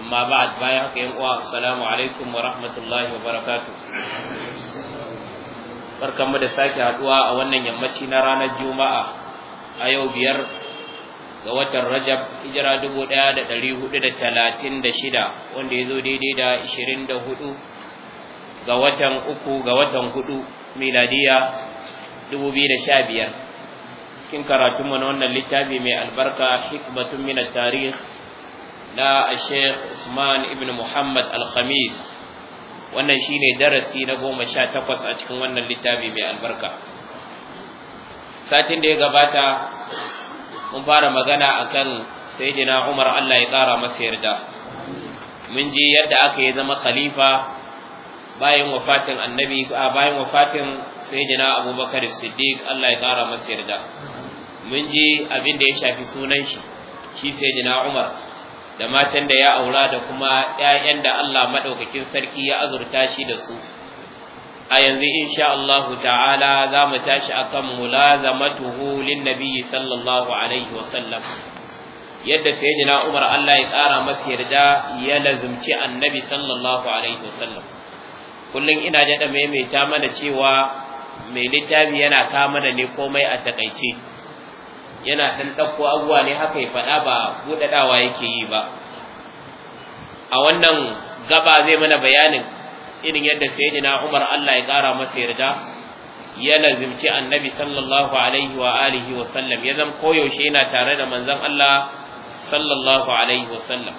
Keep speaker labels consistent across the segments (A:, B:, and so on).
A: amma ba'ad bayan haka yan uwa assalamu alaikum wa rahmatullahi wa barakatuh barkanmu da sake haduwa a wannan yammaci na ranar juma'a a yau biyar ga watan rajab hijira 1436 wanda ya zo daidai da 24 ga watan uku ga watan hudu miladiya 2015 cikin karatunmu na wannan littafi mai albarka hikmatun mina tarih na Sheikh Usman ibn Muhammad Al-Khamis wannan shine darasi na goma sha takwas a cikin wannan littafi mai albarka satin da ya gabata mun fara magana akan sayyidina Umar Allah ya kara masa yarda mun ji yadda aka yi zama khalifa bayan wafatin annabi bayan wafatin sayyidina Abubakar Siddiq Allah ya kara masa yarda mun ji abin da ya shafi sunan shi shi sayyidina Umar da matan da ya aura da kuma ƴaƴan da Allah madaukakin sarki ya azurta shi da su a yanzu insha Allah ta'ala za mu tashi akan mulazamatuhu linnabi sallallahu alaihi wa sallam yadda sayyidina Umar Allah ya ƙara masu yarda ya lazumci annabi sallallahu alaihi wa sallam kullun ina jada maimaita mana cewa mai littafi yana ta mana ne komai a takaice yana dan ɗauko abuwa ne haka ya faɗa ba buɗaɗawa yake yi ba a wannan gaba zai mana bayanin irin yadda sayyidina Umar Allah ya ƙara masa yarda ya lazimci annabi sallallahu alaihi wa alihi wa sallam ya zama koyaushe yana tare da manzon Allah sallallahu alaihi wa sallam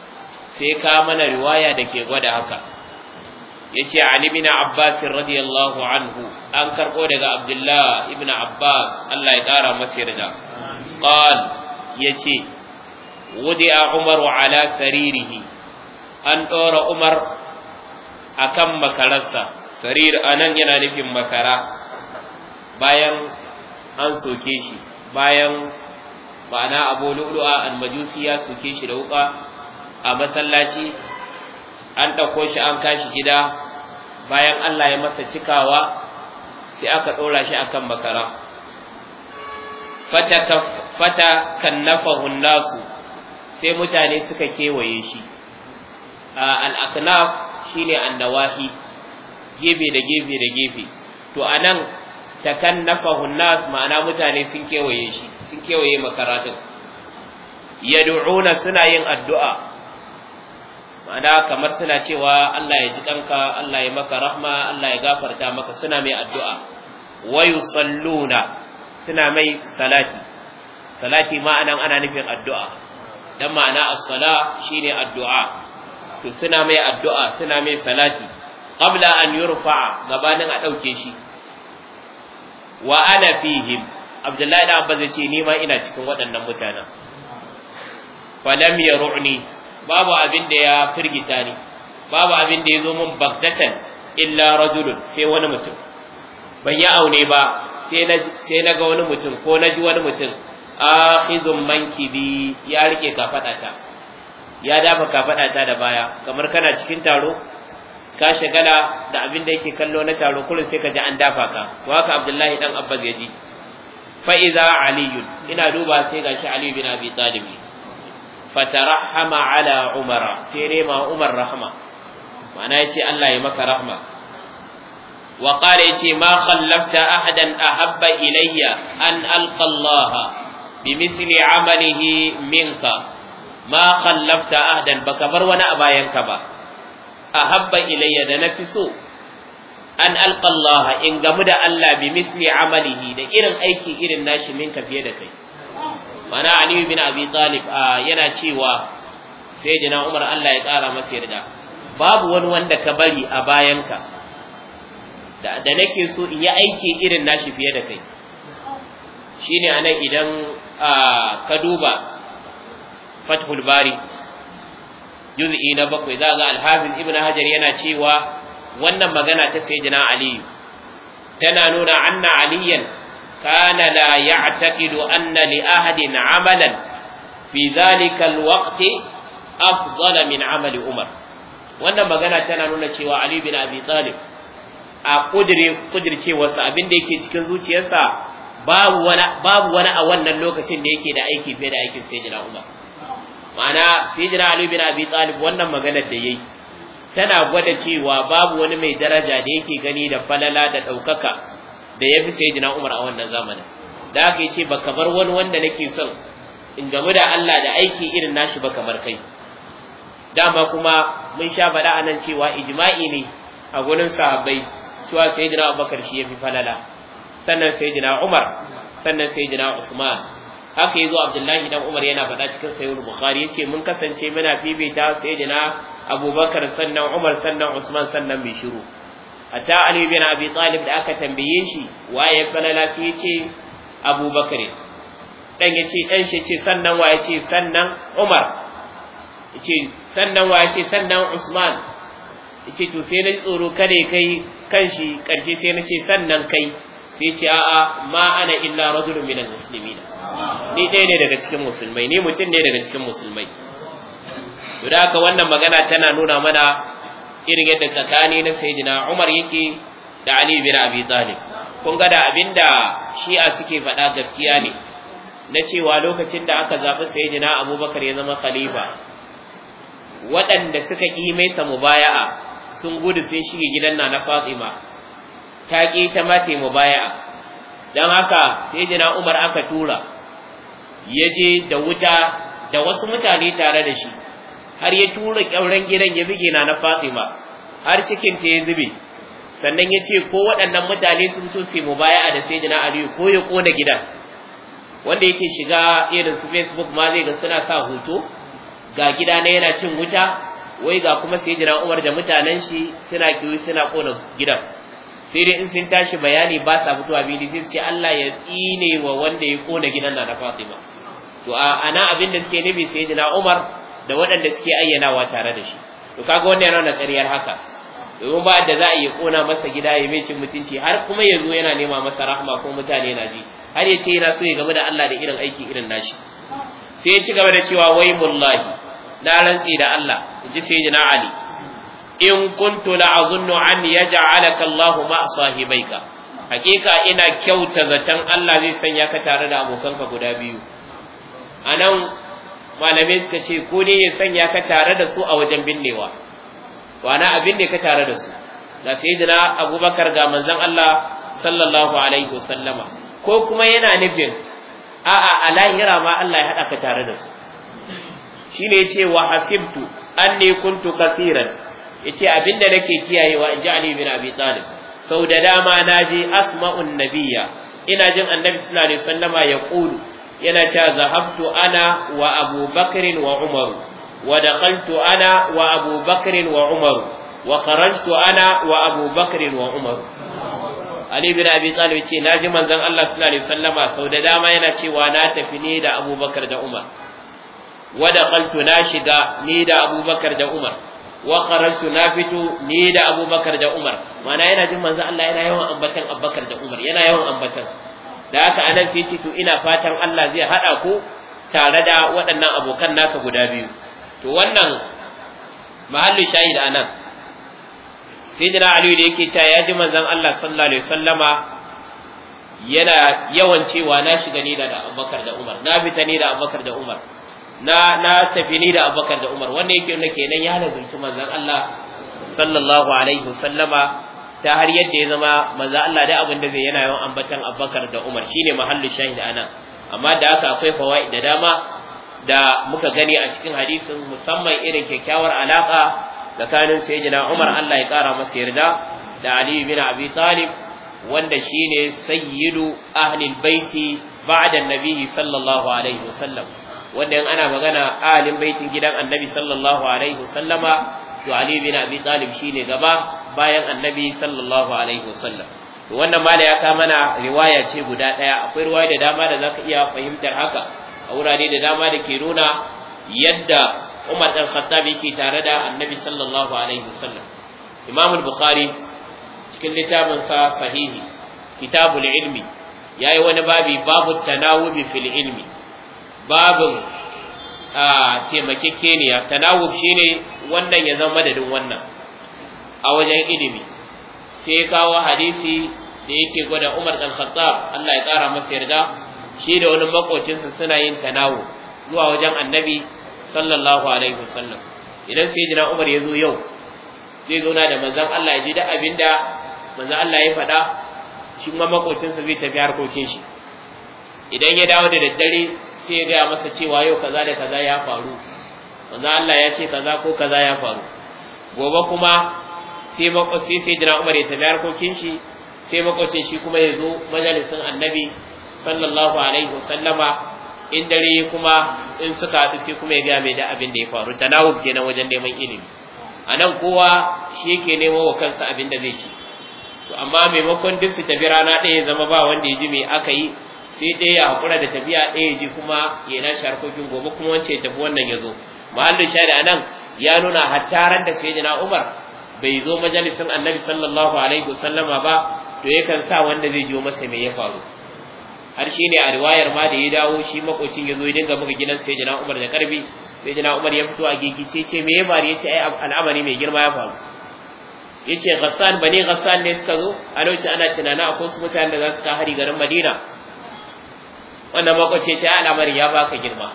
A: sai ka mana riwaya da ke gwada haka yace Ali bin Abbas radiyallahu anhu an karɓo daga Abdullah ibn Abbas Allah ya kara masa yarda قال يتي a umar على saririhi an dora umar akan makararsa سرير anan yana nufin makara bayan an soke shi bayan ma'ana abu lu'lu'a al-majusi ya soke shi da wuka a masallaci an ɗauko shi an kashi gida bayan Allah ya masa cikawa sai aka ɗora shi akan makara fata kannafahu nasu sai mutane suka kewaye shi al-aknaf shine annawahi gebe da gebe da gebe to anan takannafahu nas ma'ana mutane sun kewaye shi sun kewaye makaratun yad'una suna yin addu'a ma'ana kamar suna cewa Allah ya ji kanka Allah ya maka rahma Allah ya gafarta maka suna mai addu'a Wayu salluna. suna mai salati salati ma'anan ana nufin addu'a dan ma'ana as-sala shine addu'a to suna mai addu'a suna mai salati qabla an yi rufa'a, gabanin a ɗauke shi wa ana fihim abdullahi da abba zai ce ni ma ina cikin waɗannan mutanen falam yaruni babu abin da ya firgita ni babu abin da ya zo min bagdatan illa rajulun sai wani mutum ban yi aune ba sai na ga wani mutum ko na ji wani mutum akhizun mankibi ya rike kafaɗata, ya dafa kafaɗata da baya kamar kana cikin taro ka shagala da abin da yake kallo na taro kullum sai ka ji an dafa ka waka abdullahi dan abbas ya ji fa'iza Aliyu ina duba sai gashi aliyu bin abi talib fatarahama ala umara sai ne ma umar rahama ma'ana ce Allah ya maka rahama. wa qala yace ma khallafta ahadan ahabba ilayya an alqa Allah bimithli minka ma khallafta ahadan baka bar wani a bayanka ba ahabba ilayya da nafi so an alqa in gamu da Allah bimithli amalihi da irin aiki irin nashi minka fiye da kai mana Ali bin Abi Talib yana cewa sai jina Umar Allah ya kara masa yarda babu wani wanda ka bari a bayanka da nake so in yi aiki irin nashi fiye da kai shine anan idan ka duba fathul bari juz'i na bakwai za ga alhafiz ibnu hajar yana cewa wannan magana ta sayyidina Aliyu tana nuna anna aliyan kana la ya'taqidu anna li ahadin amalan fi dhalika alwaqt afdala min amali umar wannan magana tana nuna cewa ali bin abi talib a kudire wasu abin da yake cikin zuciyarsa babu wani a wannan lokacin da yake da aiki fiye da aikin jira Umar ma'ana sayyidina Ali bin Abi Talib wannan maganar da yayi tana gwada cewa babu wani mai daraja da yake gani da falala da ɗaukaka da yafi jira Umar a wannan zamanin da haka yace ba kamar wani wanda nake son in gamu da Allah da aiki irin nashi ba kamar kai dama kuma mun sha faɗa anan cewa ijma'i ne a gurin sahabbai cewa sayyidina Abubakar shi fi falala sannan sayyidina Umar sannan sayyidina Usman haka zo Abdullahi dan Umar yana faɗa cikin bukari ya yace mun kasance muna bibita sayyidina Abubakar sannan Umar sannan Usman sannan mai shiru a ta bin Abi tsalib da aka tambaye shi waye falala sai ce Abubakar dan ce dan shi ce sannan wa yace sannan Umar ce sannan wa ce sannan Usman yace to sai na tsoro kada kai kanshi karshe sai na ce sannan kai sai ce a'a ma ana illa rajulun minal almuslimin ni ɗaya ne daga cikin musulmai ni mutum ne daga cikin musulmai to da haka wannan magana tana nuna mana irin yadda tsakani na sayyidina Umar yake da Ali bin Abi Talib kun ga da abinda shi'a suke faɗa gaskiya ne na cewa lokacin da aka zaɓi sayyidina Abubakar ya zama khalifa waɗanda suka ƙi mai sa mubaya'a sun gudu sun shige gidan na na Fatima ta ki ta mate baya, dan haka sai sayyidina Umar aka tura yaje da wuta da wasu mutane tare da shi har ya tura kyauren gidan ya bige na na Fatima har cikin ta ya zube sannan ya ce ko waɗannan mutane sun so su baya da sayyidina Aliyu ko ya kona gidan wanda yake shiga irin su Facebook ma zai ga suna sa hoto ga gida na yana cin wuta wai ga kuma sai jira Umar da mutanen shi suna kiwi suna kona gidan sai dai in sun tashi bayani ba sa fitowa bili sai ce Allah ya tsine wa wanda ya kona gidan na da Fatima to a ana abin da suke nabi sai jira Umar da waɗanda suke ayyanawa tare da shi to kaga wannan yana ƙaryar haka domin ba da za a yi kona masa gida ya mai cin mutunci har kuma yanzu yana nema masa rahma ko mutane na ji har ya ce yana so ya game da Allah da irin aiki irin nashi sai ya ci gaba da cewa wai mullahi na rantsi da Allah ji sayyidina Ali in kuntu la azunnu an yaj'alaka Allahu ma sahibaika hakika ina kyauta zaton Allah zai sanya ka tare da abokanka guda biyu anan malamai suka ce ko dai ya sanya ka tare da su a wajen binnewa na abin da ka tare da su ga sayyidina Abubakar ga manzon Allah sallallahu alaihi wasallama ko kuma yana nufin a'a a lahira ma Allah ya hada ka tare da su shine yace wa hasibtu anni kuntu Ya yace abinda nake kiyayewa in ji Ali bin Abi Talib sau da dama naji asma'un nabiyya ina jin annabi sallallahu alaihi sallama ya qulu yana cewa zahabtu ana wa Abu Bakr wa Umar wa dakhaltu ana wa Abu Bakr wa Umar wa kharajtu ana wa Abu Bakr wa Umar Ali bin Abi Talib ce naji manzon Allah sallallahu alaihi sallama. sau da dama yana cewa na tafi ne da Abu Bakar da Umar wada dakhaltu na shiga ni da Abubakar da Umar wa na fito ni da Abubakar da Umar mana yana jin manzo Allah yana yawan ambatan Abubakar da Umar yana yawan ambatan da haka anan sai ce to ina fatan Allah zai hada ku tare da waɗannan abokan naka guda biyu to wannan mahallu shahid anan sayyidina Ali da yake cewa ya ji manzon Allah sallallahu alaihi wasallama yana yawan cewa na shiga ni da Abubakar da Umar na fita ni da Abubakar da Umar na na tafi ni da abubakar da umar wanda yake ke kenan ya lazumci manzon Allah sallallahu alaihi wasallama ta har yadda ya zama manzon Allah da abin da zai yana yawan ambatan abubakar da umar shine mahallu shahid anan amma da haka akwai fawaid da dama da muka gani a cikin hadisin musamman irin kyakkyawar alaka tsakanin sayyidina umar Allah ya kara masa yarda da ali bin abi talib wanda shine sayyidu ahlil baiti ba'da nabihi sallallahu alaihi wasallam wanda in ana magana ahalin baitin gidan annabi sallallahu alaihi wasallama to ali bin abi talib shine gaba bayan annabi sallallahu alaihi wasallam to wannan mala ya ka mana riwaya ce guda ɗaya, akwai riwaya da dama da ka iya fahimtar haka a wurare da dama da ke nuna yadda Umar dan Khattab yake tare da annabi sallallahu alaihi wasallam Imam al-Bukhari cikin littafin sa sahihi kitabul ilmi yayi wani babi babu tanawubi fil ilmi babin a taimakekeniya tanawuf shine wannan ya zama madadin wannan a wajen ilimi sai kawo hadisi da yake gwada Umar dan Khattab Allah ya kara masa yarda shi da wani makocinsa suna yin tanawu zuwa wajen Annabi sallallahu alaihi wasallam idan sai jira Umar ya zo yau zai zo na da manzon Allah ya ji da abinda manzon Allah ya faɗa shi kuma makocinsa zai tafi harkokin shi idan ya dawo da daddare sai ya gaya masa cewa yau kaza da kaza ya faru wanda Allah ya ce kaza ko kaza ya faru gobe kuma sai makwasi sai jira Umar ya tabi harkokin shi sai makwacin shi kuma ya zo majalisin Annabi sallallahu alaihi wasallama in dare kuma in suka haɗu sai kuma ya gaya mai da abin da ya faru tanawub kenan wajen neman ilimi a nan kowa shi yake nemo wa kansa abin da zai ci to amma maimakon duk su tafi rana ɗaya zama ba wanda ya ji me aka yi sai ɗaya ya hakura da tafiya ɗaya ji kuma ya na gobe kuma wance ya tafi wannan ya zo muhallin shari a nan ya nuna hattaran da sai jina umar bai zo majalisin annabi sallallahu alaihi wasallama ba to ya kan sa wanda zai jiwo masa mai ya faru har shi ne a riwayar ma da ya dawo shi makocin ya zo ya dinga buga gidan sai jina umar da karbi sai jina umar ya fito a gigice ce me ya faru ya ce ai al'amari mai girma ya faru ya ce ghassan bane ghassan ne suka zo a lokacin ana tunanin akwai su mutanen da za su ka hari garin madina wannan makwace ce al'amarin ya baka girma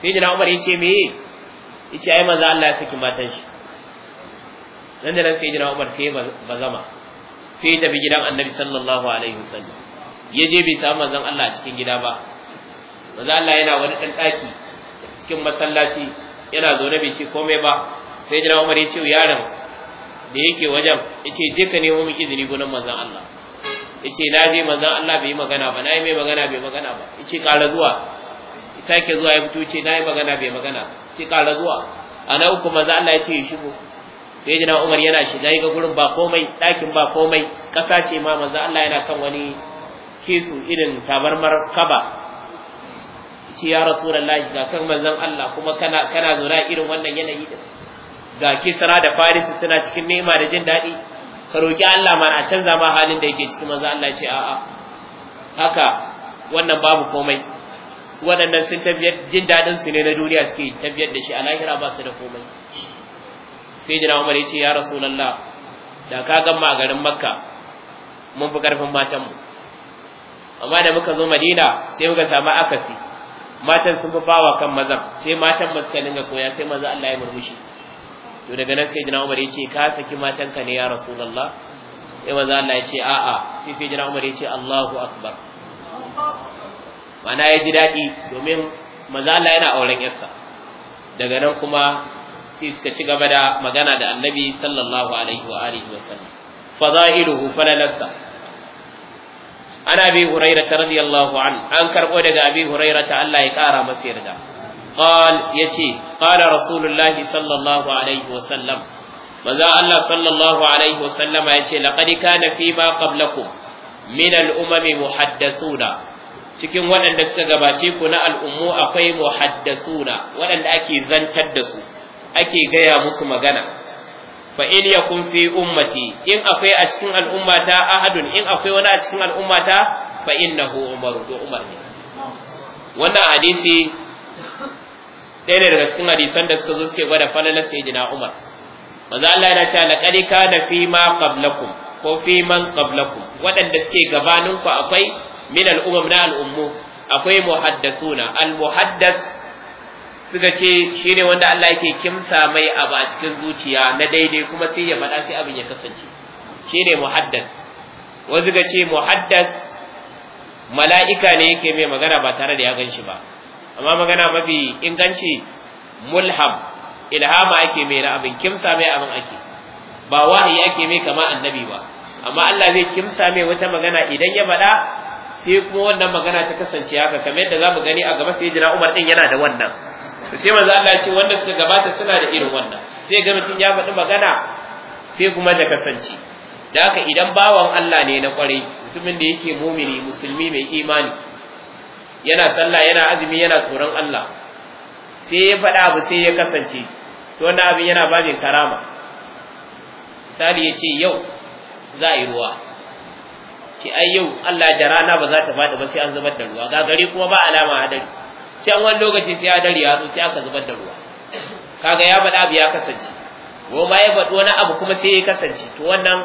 A: sai jira umar ya ce meye ya ce ai manzo Allah ya saki matan shi nan da nan sai jira umar sai ba zama sai da tafi gidan annabi sallallahu alaihi wasallam ya je bai samu manzon Allah a cikin gida ba manzo Allah yana wani dan daki cikin masallaci yana zaune bai ce komai ba sai jira umar ya ce yaron da yake wajen ya ce je ka nemo min izini gunan manzon Allah yace na je manzon Allah bai yi magana ba nayi mai magana bai magana ba yace kara zuwa sake zuwa ya fito ce nayi magana bai magana yace kara zuwa ana uku manzon Allah yace ya shigo sai jina Umar yana shiga ga gurin ba komai ɗakin ba komai ƙasa ce ma manzon Allah yana kan wani kisu irin tabarmar kaba yace ya rasulullahi ga kan manzon Allah kuma kana kana zura irin wannan yanayi da. ga kisra da farisi suna cikin nema da jin daɗi ka roki Allah ma a canza ma halin da yake cikin manzo Allah ce a'a haka wannan babu komai su waɗannan sun tabbiyar jin daɗin su ne na duniya suke tafiyar da shi a lahira ba su da komai sai jira Umar ya ce ya Rasulullah da ka ga ma garin Makka mun fi karfin matanmu amma da muka zo Madina sai muka samu akasi matan sun fi bawa kan mazan sai matan masu dinga koya sai maza Allah ya murmushi to daga nan sayyidina Umar ce, ka saki matanka ne ya Rasulullah sai manzo Allah ce a a sai sayyidina Umar ce Allahu akbar mana ya ji dadi domin manzo Allah yana auren yarsa daga nan kuma sai suka ci gaba da magana da Annabi sallallahu alaihi wa alihi wa sallam fadailuhu falalasa ana bi hurairah radiyallahu an an karbo daga abi hurairah Allah ya kara masa yarda yace qala rasulullahi maza Allah sallallahu alaihi wa sallama yace laqad kana fi ma qablakum min al-umami cikin waɗanda suka gabace ku na al'ummu akwai muhaddasuna waɗanda ake zantar da su ake gaya musu magana fa in ya fi ummati in akwai a cikin al'ummata ahadun in akwai wani a cikin al'ummata fa in na umar ne wannan hadisi ɗaya ne daga cikin hadisan da suka zo suke gwada falalar sayyidina Umar manzo Allah yana cewa laqad kana fi ma qablakum ko fi man qablakum waɗanda suke gabanin ku akwai min al-umam na al-ummu akwai muhaddasuna al-muhaddas suka ce shine wanda Allah yake kimsa mai abu a cikin zuciya na daidai kuma sai ya faɗa sai abin ya kasance shine muhaddas wasu suka ce muhaddas mala'ika ne yake mai magana ba tare da ya gan shi ba amma magana mafi inganci mulham ilhama ake mai na abin kimsa mai abin ake ba wahayi ake mai kama annabi ba amma Allah zai kimsa mai wata magana idan ya faɗa sai kuma wannan magana ta kasance haka kamar yadda zamu gani a gaba sai jira Umar din yana da wannan to sai manzo Allah ya ce wanda suka gabata suna da irin wannan sai ga mutum ya faɗi magana sai kuma ta kasance da haka idan bawan Allah ne na kwarai mutumin da yake mumini musulmi mai imani yana sallah yana azumi yana tsoron Allah sai ya faɗa abu sai ya kasance to wannan abin yana bajin karama misali ya ce yau za a yi ruwa ce ai yau Allah da rana ba za ta faɗi ba sai an zubar da ruwa ga gari kuma ba alama a dare. can wani lokaci sai hadari ya zo sai aka zubar da ruwa kaga ya faɗa abu ya kasance ko ma ya faɗi wani abu kuma sai ya kasance to wannan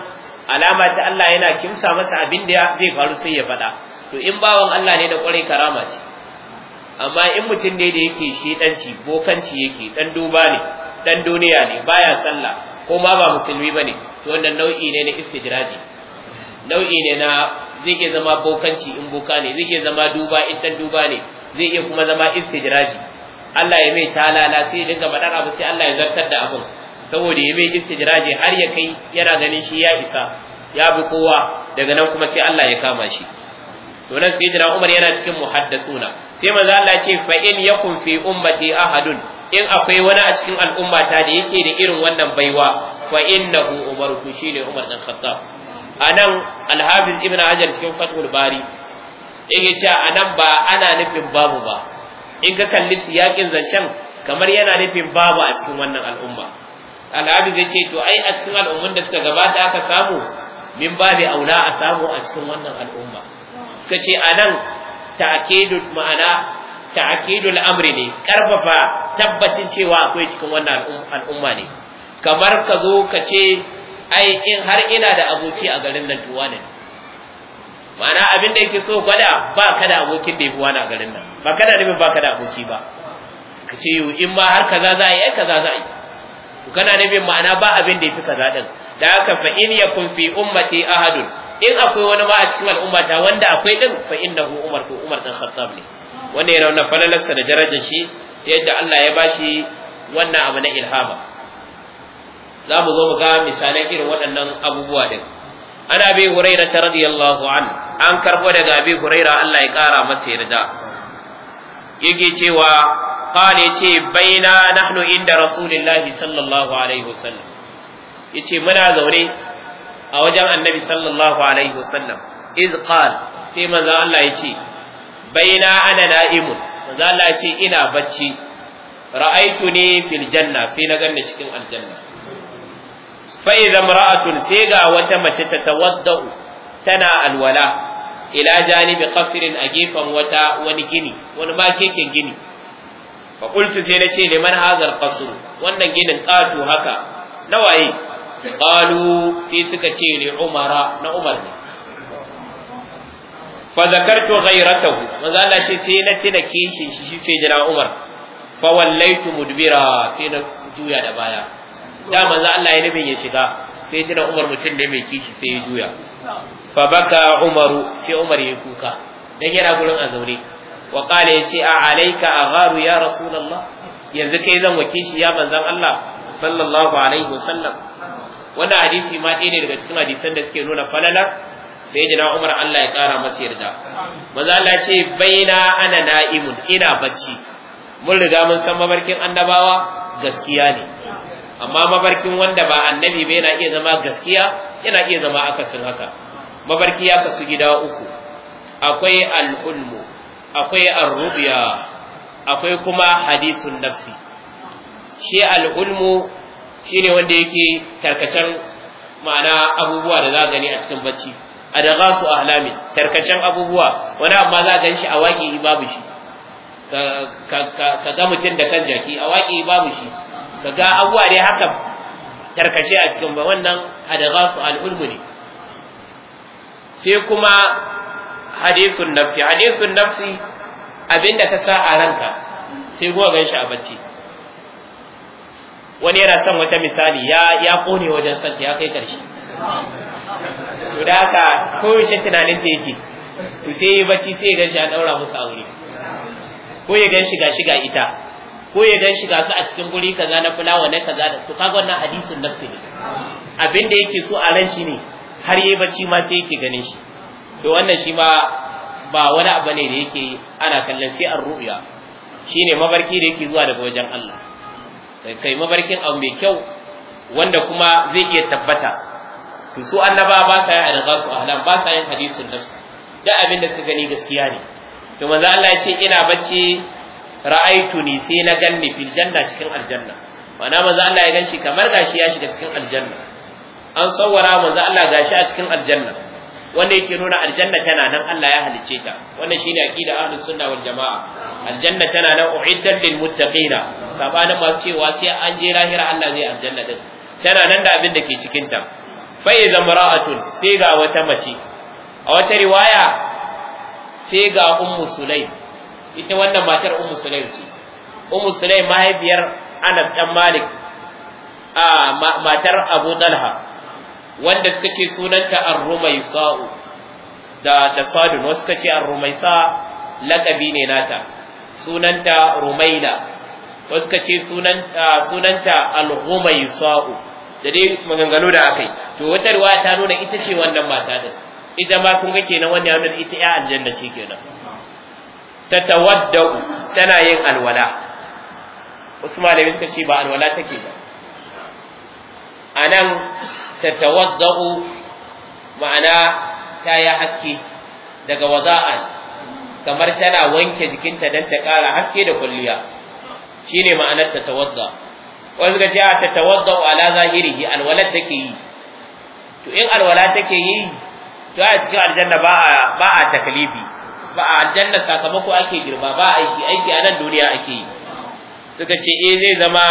A: alama ta Allah yana kimsa masa abin da zai faru sai ya faɗa to in bawan Allah ne da kwarai karama ce amma in mutum ne da yake shedanci bokanci yake dan duba ne dan duniya ne baya sallah ko ma ba musulmi bane to wannan nau'i ne na istidraji nau'i ne na zai iya zama bokanci in boka ne zai iya zama duba in dan duba ne zai iya kuma zama istidraji Allah ya mai talala sai dinga madar abu sai Allah ya zartar da abun saboda ya mai istidraji har ya kai yana ganin shi ya isa ya bi kowa daga nan kuma sai Allah ya kama shi to nan sayyidina Umar yana cikin muhaddathuna sai manzo Allah ce fa in yakun fi ummati ahadun in akwai wani a cikin al'ummata da yake da irin wannan baiwa fa innahu Umar ku shine Umar dan Khattab anan al-Hafiz Ibn Hajar cikin Fathul Bari yake cewa anan ba ana nufin babu ba in ka kalli siyakin zancen kamar yana nufin babu a cikin wannan al'umma al'adu zai ce to ai a cikin al'ummun da suka gabata aka samu min babu aula a samu a cikin wannan al'umma suka ce anan ta'kidul ma'ana ta'kidul amri ne karfafa tabbacin cewa akwai cikin wannan al'umma ne kamar ka zo ka ce ai in har ina da aboki a garin nan to wani. ma'ana abin da yake so gwada ba ka da abokin da yafi wani a garin nan ba ka da nufin ba ka da aboki ba ka ce yau in ma har kaza za a yi ai kaza za a yi to kana nufin ma'ana ba abin da yafi kaza din da haka fa in yakun fi ummati ahadun in akwai wani ma a cikin al'umma ta wanda akwai din fa innahu umar ko umar dan khattab ne wanda ya rauna falalarsa da darajar shi yadda Allah ya bashi wannan abu na ilhama za mu zo mu ga misalan irin waɗannan abubuwa din an abi huraira ta radiyallahu an an karbo daga abi huraira Allah ya kara masa yarda yake cewa qala ce baina nahnu inda rasulullahi sallallahu alaihi wasallam yace muna zaune a wajen annabi sallallahu alaihi wasallam iz qal sai manzo Allah ya ce baina ana na'imun manzo Allah ya ce ina bacci ra'aitu ne fil janna sai na ganna cikin aljanna fa idza mara'atun sai ga wata mace ta tawaddu tana alwala ila janibi qasrin a gefen wata wani gini wani ma keken gini fa qultu sai na ce liman hazar qasr wannan ginin qatu haka nawaye qalu sai suka ce li umara na umar ne fa zakartu ghayratahu manzo Allah shi sai na tina kishin shi shi ce jira umar fa wallaitu mudbira sai na juya da baya
B: da manzo Allah ya
A: nufin ya shiga sai jira umar mutum ne mai kishi sai ya juya
B: fa baka
A: umaru sai umar ya kuka dan yana gurin a zaune wa ya ce a alayka agharu ya rasulullah yanzu kai zan wake shi ya manzon Allah sallallahu alaihi wasallam wannan hadisi ma ɗaya ne daga cikin hadisan da suke nuna falala sai jina Umar Allah ya ƙara masa yarda maza Allah ce baina ana na'imun ina bacci mun riga mun san mabarkin annabawa gaskiya ne amma mabarkin wanda ba annabi ba yana iya zama gaskiya yana iya zama akasin haka mabarki ya kasu gida uku akwai al'ulmu. akwai ar akwai kuma hadisun nafsi shi al'ulmu. Shi ne wanda yake tarkacen ma'ana abubuwa da za a gani a cikin bacci a da gasu halamin tarkacen abubuwa wani amma za gan shi a waƙi babu shi ka ga mutum da kan jaki a waƙi babu shi ka ga abubuwa ne haka tarkace a cikin ba wannan a da gasu al'ulmu ne sai kuma hadisun nafsi hadisun nafsi abinda ka sa a ranka sai kuma gan shi a bacci wani yana son wata misali ya ya kone wajen son ya kai karshe to da haka ko shi tunanin ta yake to sai yi bacci sai ya shi a daura musu aure ko ya gan shiga shiga ita ko ya gan shiga su a cikin guri kaza na fulawa na kaza da to kaga wannan hadisin nafsi ne abin da yake so a ran shi ne har yayi bacci ma sai yake ganin shi to wannan shi ma ba wani abu ne da yake ana kallon sai ar-ru'ya shine mabarki da yake zuwa daga wajen Allah kai mabarkin abu mai kyau wanda kuma zai iya tabbata to su annaba ba sa yin adaka su ahlan ba sa yin hadisin nafsi da abin da suka gani gaskiya ne to manzo Allah ya ce ina bacci ra'aituni sai na ganni fil janna cikin aljanna wana manzo Allah ya ganshi kamar gashi ya shiga cikin aljanna an sawwara manzo Allah gashi a cikin aljanna wanda yake nuna aljanna tana nan Allah ya halicce ta wannan shine aqida ahlus sunna wal jamaa aljanna tana nan uiddat lil muttaqina masu cewa sai an je lahira Allah zai aljanna din tana nan da abin da ke cikin ta fa iza mara'atun sai ga wata mace a wata riwaya sai ga ummu sulaim ita wannan matar ummu sulaim ce ummu sulaim mahaifiyar Anas dan Malik ah, a matar Abu Talha wanda suka ce sunanta ar-rumaisa'u da da sadun wasu suka ce ar rumaysa laqabi ne nata sunanta rumaila wasu suka ce sunanta sunanta al-ghumaisa'u da dai maganganu da akai to wata ruwa ta nuna ita ce wannan mata din ita ma kun ga kenan wannan wannan ita ya aljanna ce kenan tatawaddau tana yin alwala wasu malamin ta ce ba alwala take ba anan tatawaddau ma'ana ta yi haske daga waza'a kamar tana wanke jikinta don ta ƙara haske da kulliya shine ma'anar tatawadda wanda ga ce tatawadda ala zahirihi alwalat take yi to in alwala take yi to a cikin aljanna ba a ba ba a aljanna sakamako ake girba ba aiki aiki a nan duniya ake yi suka ce eh zai zama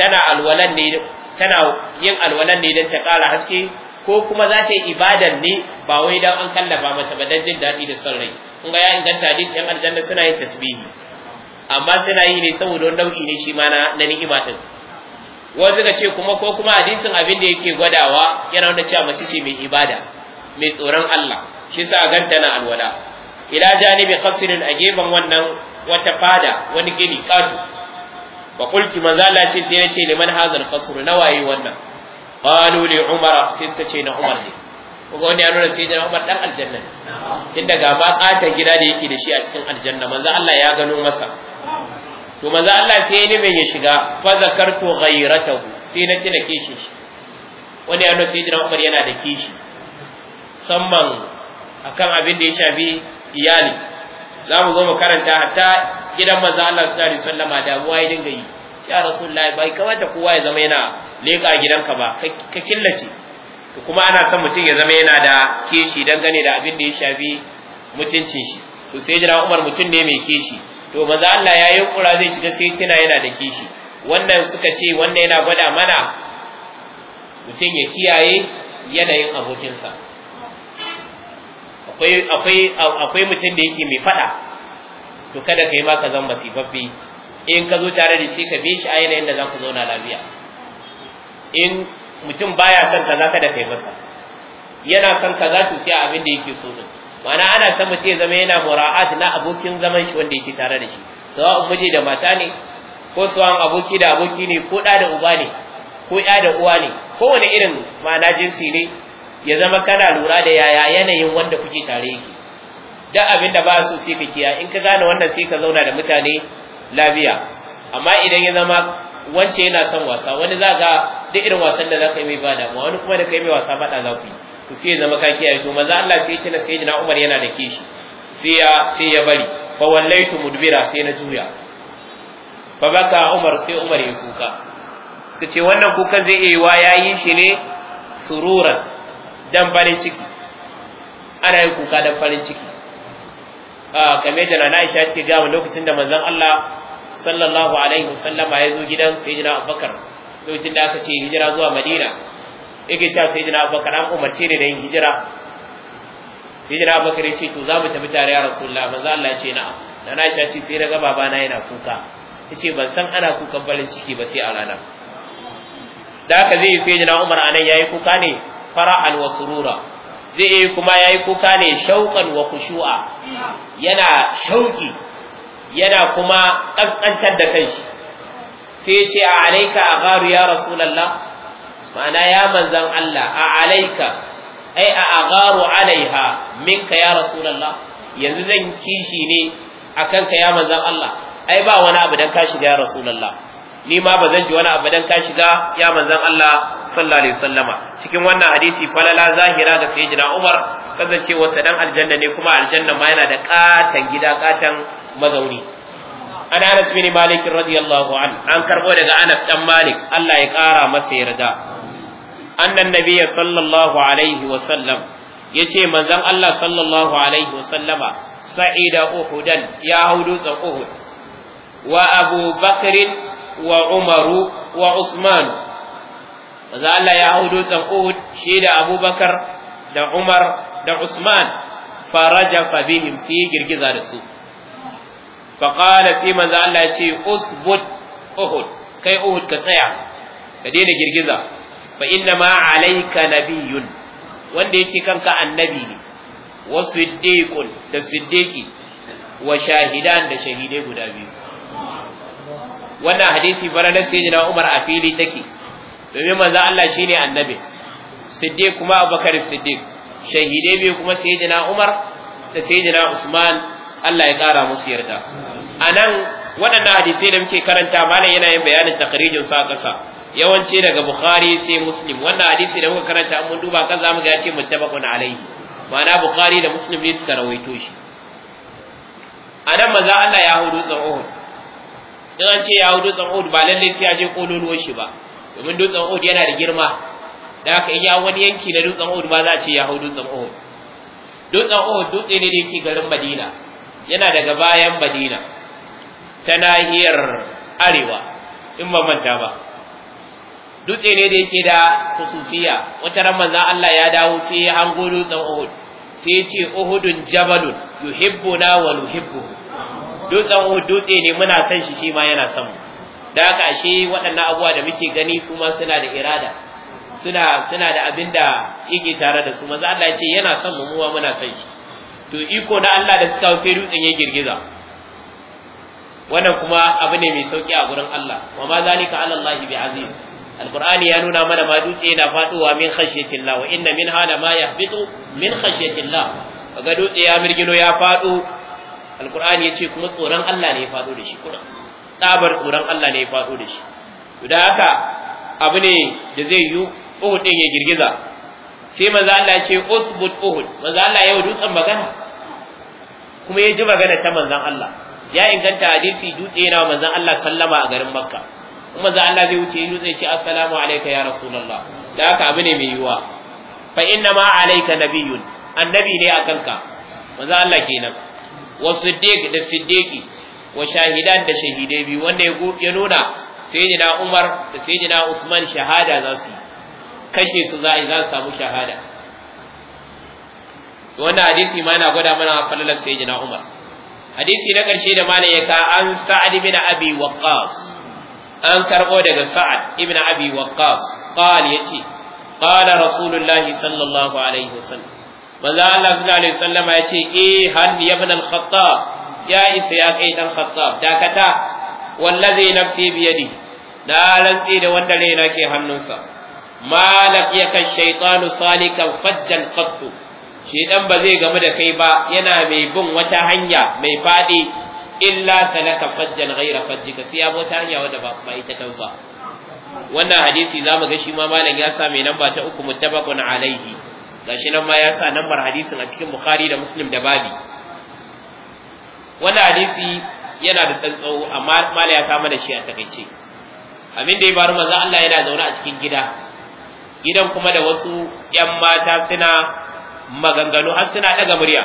A: tana alwalan ne tana yin alwalan ne don ta ƙara haske ko kuma za ta yi ibadan ne ba wai don an kallafa mata ba don jin daɗi da son rai in ga ya inganta hadisi yan aljanna suna yin tasbihi amma suna yi ne saboda wani nau'i ne shi ma na ni'ima din wasu ka ce kuma ko kuma hadisin abin da yake gwadawa yana wanda cewa mace ce mai ibada mai tsoron Allah shi sa ganta na alwala ila janibi khasirin a gefen wannan wata fada wani gini kadu fa qulti manzo Allah ce sai nace liman hazal fasr na waye wannan qalu li umar sai suka ce na umar ne kuma wani ya nuna sai da umar dan aljanna tun daga ba kata gida da yake da shi a cikin aljanna manzo Allah ya gano masa to manzo Allah sai ya nemi ya shiga fa zakartu ghayratahu sai na tuna kishin shi wani ya nuna sai da umar yana da kishi samman akan abin da ya shafi iyali za mu zo mu karanta hatta gidan manzo Allah sallallahu alaihi wasallama damuwa ya dinga yi ya rasulullahi bai kamata kowa ya zama yana leka gidanka ba ka killace kuma ana son mutum ya zama yana da kishi gane da abin da ya shafi mutuncin shi to sai jira Umar mutum ne mai kishi to manzo Allah ya yi kura zai shiga sai yana da kishi wannan suka ce wannan yana gwada mana mutum ya kiyaye yanayin abokinsa akwai akwai akwai mutum da yake mai fada to kada kai yi ka zan masifaffe in ka zo tare da shi ka bi shi a yanayin da za ku zauna lafiya in mutum baya son kaza kada kai masa yana son kaza to sai abin da yake so din ma'ana ana son mutum ya zama yana mura'at na abokin zaman shi wanda yake tare da shi sawa'un miji da mata ne ko aboki da aboki ne ko da da uba ne ko ya da uwa ne kowane irin ma'ana jinsi ne ya zama kana lura da yaya yanayin wanda kuke tare yake duk abinda ba su sai ka kiya in ka gane wannan sai ka zauna da mutane lafiya amma idan ya zama wance yana son wasa wani za ga duk irin wasan da za ka yi mai bada wani kuma da ka yi mai wasa bada za ku yi to sai ya zama ka kiyaye to maza Allah sai kina sai jina Umar yana da kishi sai ya sai ya bari fa wallaitu mudbira sai na juya fa baka Umar sai Umar ya kuka kace wannan kukan zai iya wa yayi shi ne sururan dan farin ciki ana yin kuka dan farin ciki kamar ah, da Nana Aisha take ga lokacin da manzon Allah sallallahu alaihi wasallama ya zo gidan Sayyidina Abubakar lokacin da aka ce hijira zuwa Madina yake cewa Sayyidina Abubakar an umarce ne da yin hijira Sayyidina Abubakar ya ce to za mu tafi tare ya Rasulullah manzon Allah ya ce na'am Nana Aisha ce sai daga babana yana kuka tace ban san ana kukan farin ciki ba sai a rana da haka zai Sayyidina Umar anan yayi kuka ne fara'an wa surura zai yi kuma yi kuka ne shauƙan wa kushu'a yana shauƙi, yana kuma ƙasƙantar da kanshi sai ce a alaika a agharu ya rasulullah ma'ana ya manzan Allah a alaika ai a agharu alaiha minka ya rasulullah yanzu zan kishi ne a kanka ya manzan Allah ai ba wani abu dan ka shiga ya rasulullah ni ma ba zan ji wani abu dan ka shiga ya manzan Allah sallallahu alaihi wasallama cikin wannan hadisi falala zahira ga sayyidina Umar kasancewa dan aljanna ne kuma aljanna ma yana da katan gida katan mazauni an Anas bin Malik radiyallahu an an karbo daga Anas dan Malik Allah ya kara masa yarda annan nabiyyi sallallahu alaihi wasallam yace manzon Allah sallallahu alaihi wasallama sa'ida uhudan ya hau dutsen uhud wa abu bakrin wa umaru wa usmanu manzo Allah ya hau dutsen Uhud shi da Abubakar da Umar da Usman faraja fa bihim girgiza da su fa qala sai manzo Allah ce usbut Uhud kai Uhud ka tsaya ka daina girgiza fa inna ma alayka nabiyyun wanda yake kanka annabi ne wa siddiqun da siddiqi wa shahidan da shahidai guda biyu wannan hadisi baralar sayyidina Umar a fili take domin manzo Allah shine annabi siddiq kuma abubakar siddiq shahide biyu kuma sayyidina umar da sayyidina usman Allah ya kara musu yarda anan waɗannan hadisai da muke karanta malam yana yin bayanin takhrijin sa kasa yawanci daga bukhari sai muslim wannan hadisi da muka karanta mun duba kan zamu ga yace ce muttabaqun alaihi ma'ana bukhari da muslim ne suka rawaito shi anan maza Allah ya hudu tsan Uhud Idan an ce ya hudu tsan Uhud ba lalle sai ya je kololuwar shi ba domin dutsen Uhud yana da girma da haka in ya wani yanki na dutsen Uhud ma za a ce ya hau dutsen Uhud dutsen Uhud dutse ne da yake garin Madina yana daga bayan Madina ta nahiyar arewa in ba manta ba dutse ne da yake da kususiya wata ran manzo Allah ya dawo sai ya hango dutsen Uhud sai ya ce Uhudun jabalun yuhibbuna wa nuhibbuhu dutsen Uhud dutse ne muna son shi shi ma yana son mu da haka ashe waɗannan abuwa da muke gani su ma suna da irada suna suna da abin da yake tare da su maza Allah ya ce yana son mu muwa muna son shi to iko na Allah da suka sai dutsen ya girgiza wannan kuma abu ne mai sauki a gurin Allah wa ma zalika ala Allah bi aziz alqur'ani ya nuna mana ma dutse yana faduwa min khashyatillah wa inna min la ma yahbitu min khashyatillah kaga dutse ya mirgino ya fado alqur'ani ya ce kuma tsoron Allah ne ya fado da shi kuma tsabar tsoron Allah ne ya faɗo da shi to da haka abu ne da zai yi Uhud ɗin ya girgiza sai maza Allah ce usbut Uhud maza Allah ya dutsen magana kuma ya ji magana ta manzan Allah ya inganta hadisi dutse yana manzan Allah sallama a garin Makka kuma manzo Allah zai wuce yi ya ce assalamu alaika ya rasulullah da haka abu ne mai yiwuwa fa inna ma na biyun. annabi ne a kanka. manzo Allah kenan wa siddiq da siddiqi wa shahidan da shahidai wanda ya nuna sayyidina Umar da sayyidina Usman shahada za su kashe su za za su samu shahada wannan hadisi ma yana gwada mana falalar sayyidina Umar hadisi na karshe da malam ya ka an Sa'ad ibn Abi Waqqas an karbo daga Sa'ad ibn Abi Waqqas qal yace qala rasulullahi sallallahu alaihi wasallam manzo Allah sallallahu alaihi wasallam yace eh hal ibn al-Khattab ya isa ya kai dan khattab dakata wallazi nafsi biyadi da rantsi da wanda raina ke hannunsa malak yaka shaytanu salikan fajjan qattu dan ba zai gamu da kai ba yana mai bin wata hanya mai fadi illa salaka fajjan ghaira fajjika sai ya ta hanya wanda ba ba ita kan ba wannan hadisi zamu ga shi ma malam ya sa mai namba ta uku muttabaqun alaihi gashi nan ma ya sa nambar hadisin a cikin bukhari da muslim da babi wani hadisi yana da ɗan tsawo amma mala ya kama shi a takaice abin da ya faru manzo Allah yana zaune a cikin gida gidan kuma da wasu ‘yan mata suna maganganu har suna ɗaga murya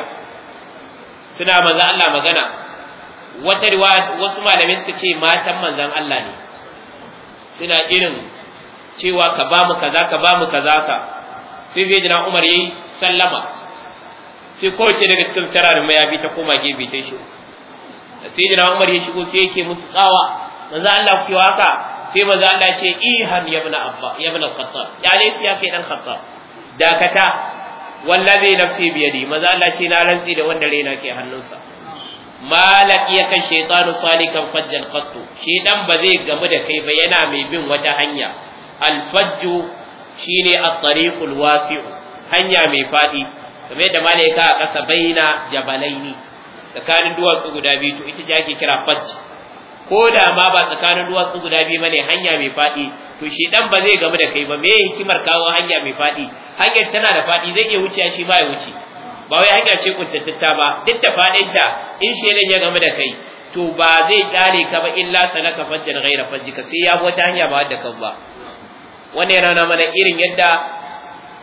A: suna manzo Allah magana wata riwaya wasu malamai suka ce matan manzon Allah ne suna irin cewa ka ba mu kaza ka ba mu kaza ka sai bai jira Umar yayi sallama sai kowace daga cikin mai da bi ta koma gefe ta shi sayyidina Umar ya shigo sai yake musu tsawa manzo Allah ku haka sai manzo Allah ce ihan ya abba ya al-khattab ya ne ya kai dan khattab dakata wallazi nafsi bi yadi manzo Allah ce na rantsi da wanda raina ke hannunsa malak ya kan shaytanu salikan fajjal qattu shaytan ba zai gamu da kai ba yana mai bin wata hanya al-fajju shine at-tariqul wasi'u hanya mai fadi kamar yadda malaika a ƙasa baina jabalaini tsakanin duwatsu guda biyu to ita ce ake kira fajj ko da ma ba tsakanin duwatsu guda biyu bane hanya mai faɗi to shi dan ba zai gamu da kai ba me hikimar kawo hanya mai faɗi hanyar tana da faɗi zai iya wuce shi ba ya wuce ba wai hanya ce kuntatta ba duk da ta in ne ya gamu da kai to ba zai tsare ka ba illa sanaka fajjan ghaira fajjika sai ya wata hanya ba wadda kan ba wannan yana mana irin yadda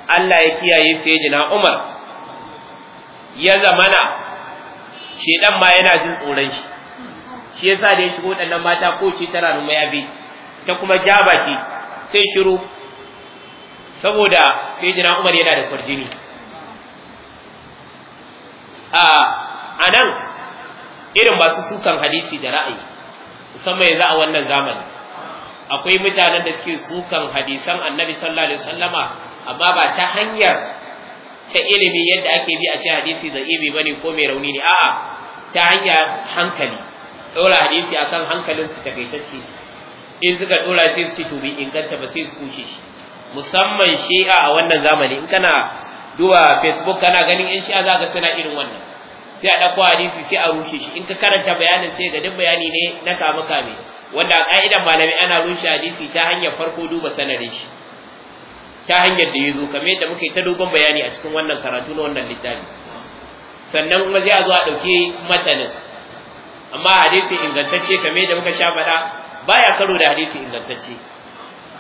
A: Allah ya kiyaye sayyidina Umar ya zamana shedan ma yana jin tsoron shi shi yasa da ya shigo waɗannan mata ko ce tara numa ya bi ta kuma ja baki sai shiru saboda sai jira umar yana da kwarjini a nan irin masu sukan hadisi da ra'ayi musamman yanzu a wannan zamani akwai mutanen da suke sukan hadisan annabi sallallahu alaihi wasallama amma ba ta hanyar ta ilimi yadda ake bi a ce hadisi za'ibi bane ko mai rauni ne a'a ta hanyar hankali dora hadisi akan hankalin su takaitacce in suka dora sai su ci to inganta ba sai su kushe shi musamman shi'a a wannan zamani in kana duba facebook kana ganin yan shi'a zaka suna irin wannan sai a dauko hadisi sai a rushe shi in ka karanta bayanin sai ga duk bayani ne na kamu kame wanda a ka'idan malami ana rushe hadisi ta hanyar farko duba sanarin shi ta hanyar da ya zo kamar yadda muka ta dogon bayani a cikin wannan karatu na wannan littafi sannan kuma zai a zo a ɗauki matanin amma hadisi ingantacce kamar yadda muka sha faɗa baya karo da hadisi ingantacce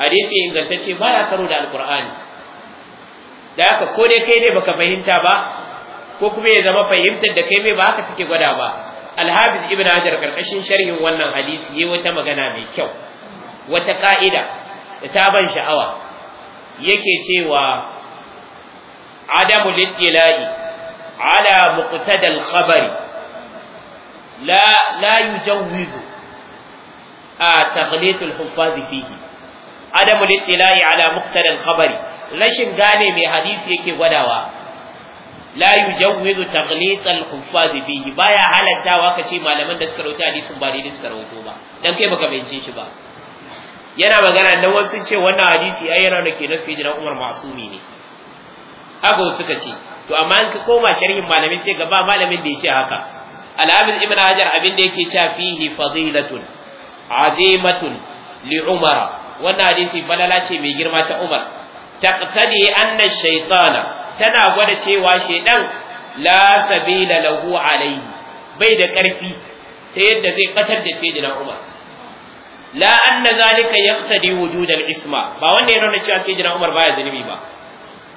A: hadisi ingantacce baya karo da alkur'ani da haka ko dai kai ne baka fahimta ba ko kuma ya zama fahimtar da kai mai ba haka take gwada ba alhafiz ibn hajar karkashin sharhin wannan hadisi yayi wata magana mai kyau wata ka'ida da ta ban sha'awa yake cewa adamu littila'i ala muqtadal khabari la la yujawwizu a taqlitul huffaz fihi adamu littila'i ala muqtadal khabari rashin gane mai hadisi yake gwadawa la yujawwizu taqlitul huffaz fihi baya halattawa kace malaman da suka rawaito hadisin ba daidai suka rawaito ba dan kai baka bayyance shi ba yana magana dan wasu ce wannan hadisi ai yana nake na sayyidina Umar masumi ne haka suka ce to amma in ka koma sharhin malamin sai gaba malamin da ce haka al-Abid Ibn Hajar abin da yake cewa fihi fadilatun azimatun li Umar wannan hadisi balala ce mai girma ta Umar taqtadi anna shaytana tana gwada cewa shaydan la sabila lahu alayhi bai da karfi ta yadda zai katar da sayyidina Umar la anna zalika yaqtadi wujud al-isma ba wanda ya nuna cewa sayyidina Umar baya zunubi ba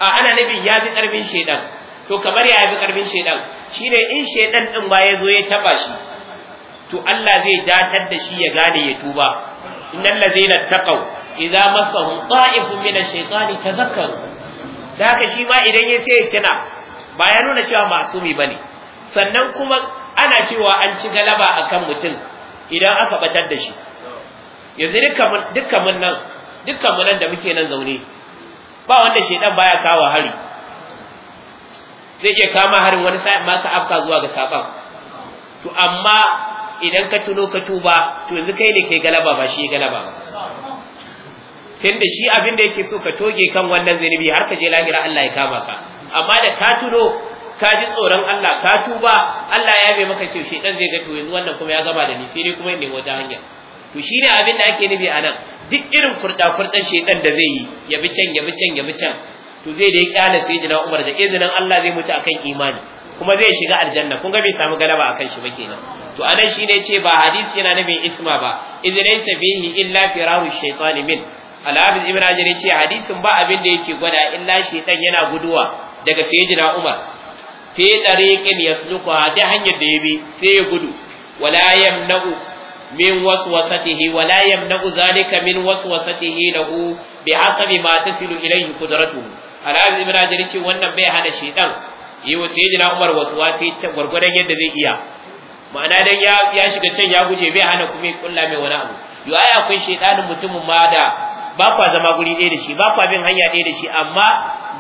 A: a ana nabi ya bi karbin shedan to kamar ya bi karbin shedan shine in shedan din ba ya zo ya taba shi to Allah zai datar da shi ya gane ya tuba innal ladzina taqaw idza masahu ta'ifun min ash-shaytani tadhakkaru haka shi ma idan ya ce kina ba ya nuna cewa masumi bane sannan kuma ana cewa an ci galaba akan mutum idan aka batar da shi yanzu dukkan nan dukkan mu nan da muke nan zaune ba wanda shedan baya kawo hari zai iya kama harin wani sa'in ma ka afka zuwa ga saban to amma idan ka tuno ka tuba to yanzu kai ne kai galaba ba shi galaba tun da shi abin da yake so ka toge kan wannan zunubi har ka je lahira Allah ya kama ka amma da ka tuno ka ji tsoron Allah ka tuba Allah ya bai maka ce shaidan zai ga to yanzu wannan kuma ya gama da ni sai dai kuma in nemi wata hanya to shi ne abin da ake nufi anan duk irin kurɗa kurdan shedan da zai yi ya bi can ya bi can ya bi can to zai da ya sai jina Umar da izinin Allah zai mutu akan imani kuma zai shiga aljanna kun ga bai samu galaba akan shi ba kenan to anan shi ne ce ba hadisi yana nufin isma ba idrin sabihi illa firahu shaytani min al abid ibn ajri yace hadisin ba abin da yake gwada illa shaytan yana guduwa daga sayyidina Umar fi tariqin yasluqa ta hanyar da ya bi sai ya gudu wala yamna'u min waswasatihi wa la yamna'u zalika min waswasatihi lahu bi hasabi ma tasilu ilayhi qudratuhu al-azim ibn ajri ce wannan bai hana shedan yi wa sayyidina umar waswasi ta gurgurdan yadda zai iya ma'ana dan ya shiga can ya guje bai hana kuma kulla mai wani abu yo ai akwai shedanin mutumin ma da ba kwa zama guri ɗaya da shi ba kwa bin hanya ɗaya da shi amma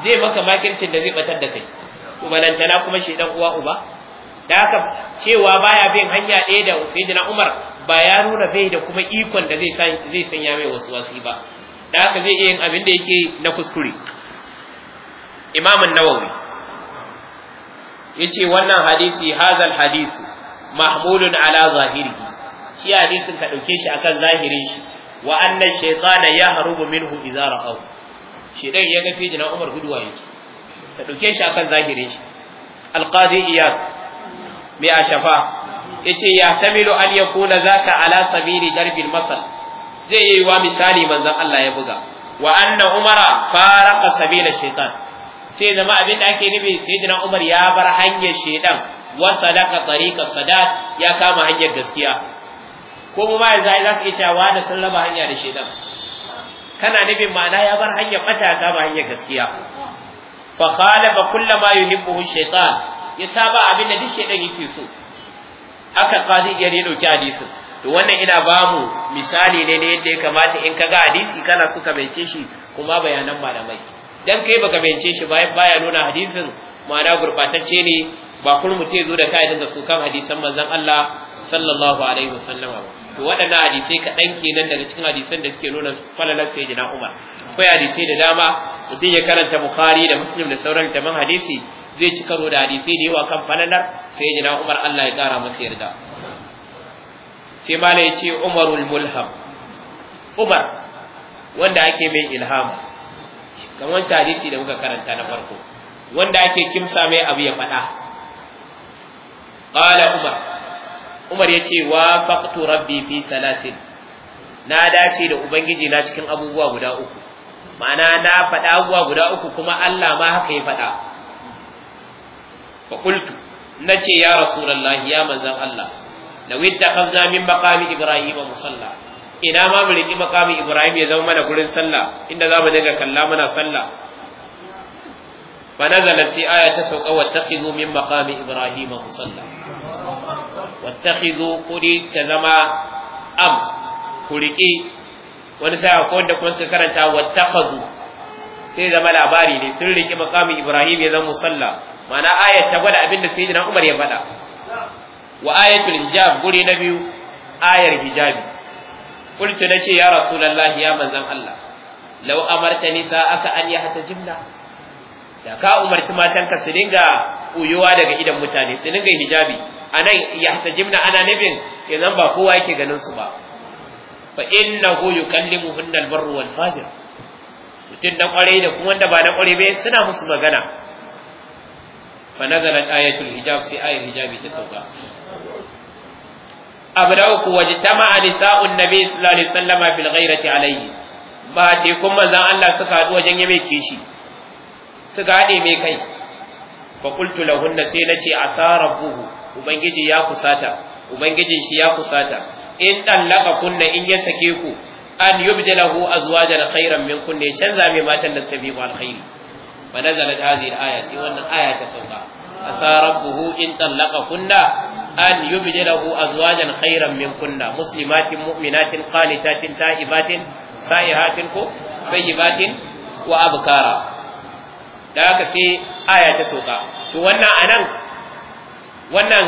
A: zai maka makircin da zai batar da kai ubalantana kuma shedan uwa uba da haka cewa baya bin hanya ɗaya da sayyidina umar ba ya nuna bai da kuma ikon da zai sanya mai wasu wasi ba da haka zai iya yin abin da yake na kuskure imamun nawawi ce wannan hadisi hazal hadisi mahmulun ala zahiri shi hadisin ka ɗauke shi akan zahirin shi wa anna ya yahrubu minhu idza ra'ahu shedan ya ga sayyidina Umar guduwa yake ka ɗauke shi akan zahirin shi alqadi iyad mai shafa? yace ya tamilu an yakuna zaka ala sabili darbil masal zai yi wa misali manzon Allah ya buga wa anna umara faraqa sabila shaitan sai zama abin da ake nufi sayyidina umar ya bar hanyar shaitan wa sadaka tariqa sadat ya kama hanyar gaskiya ko mu ma yanzu za ka iya cewa da sun raba hanya da shaitan kana nufin ma'ana ya bar hanyar bata kama hanyar gaskiya fa khalafa kullama yuhibbu shaitan ya saba abin da duk shaitan yake so haka qadi ya dauki hadisin to wannan ina ba mu misali ne ne yadda ya kamata in ka ga hadisi kana so ka shi kuma bayanan malamai dan kai baka bayyance shi ba baya nuna hadisin ma'ana gurbatacce ne ba kun mutum zo da kai da su kan hadisan manzon Allah sallallahu alaihi wasallam to waɗannan hadisai kaɗan kenan daga cikin hadisan da suke nuna falalar sayyidina Umar akwai hadisai da dama mutum ya karanta Bukhari da Muslim da sauran taman hadisi zai ci karo da hadisi da yawa kan fananar sai jina Umar Allah ya kara masa yarda sai mala ya ce Umarul Mulham Umar wanda ake mai ilhama kamar wancan hadisi da muka karanta na farko wanda ake kimsa mai abu ya faɗa qala Umar Umar ya ce wa faqtu rabbi fi salasin na dace da ubangiji na cikin abubuwa guda uku ma'ana na faɗa abubuwa guda uku kuma Allah ma haka ya faɗa fa qultu nace ya rasulullahi ya manzon Allah law ittaqazna min maqami ibrahim musalla ina ma mu riki maqami ibrahim ya zama mana gurin sallah inda za mu dinga kalla mana sallah fa nazala sai aya ta sauka wattakhidhu min maqami ibrahim musalla
B: wattakhidhu
A: ta zama am kuriki wani sai akwai wanda kuma suka karanta wattakhadhu sai zama labari ne sun riki makamin ibrahim ya zama musalla mana ayat ta gwada abin da sayyidina Umar ya faɗa wa ayatul hijab guri na biyu ayar hijabi qultu nace ya rasulullah ya manzon Allah law nisa aka an jimla? da ka umarci ka su dinga uyuwa daga idan mutane su dinga hijabi anan yahtajibna ana nabin yanzu ba kowa yake ganin su ba fa innahu yukallimuhunna al-barru wal fajir mutun da kware da kuma wanda ba na kware bai suna musu magana fa nazalat ayatul hijab sai ayar hijabi ta sauka abu da uku wajtama'a nisa'un nabi sallallahu alaihi wasallam fil ghairati alayhi ba dai kun manzan Allah suka haɗu wajen mai kishi suka haɗe mai kai fa qultu lahunna sai nace asa rabbuhu ubangiji ya kusata ubangijin shi ya kusata in dallaka kunna in ya sake ku an yubdilahu azwajan khairan min kunne canza mai matan da suka bi alkhairi fa nazalat hadhihi al-aya sai wannan aya ta sauka asa rabbuhu in kunna an yubdilahu azwajan khairan min kunna muslimatin mu'minatin qanitatin ta'ibatin sa'ihatin ko sayyibatin wa abkara da haka sai aya ta sauka to wannan wannan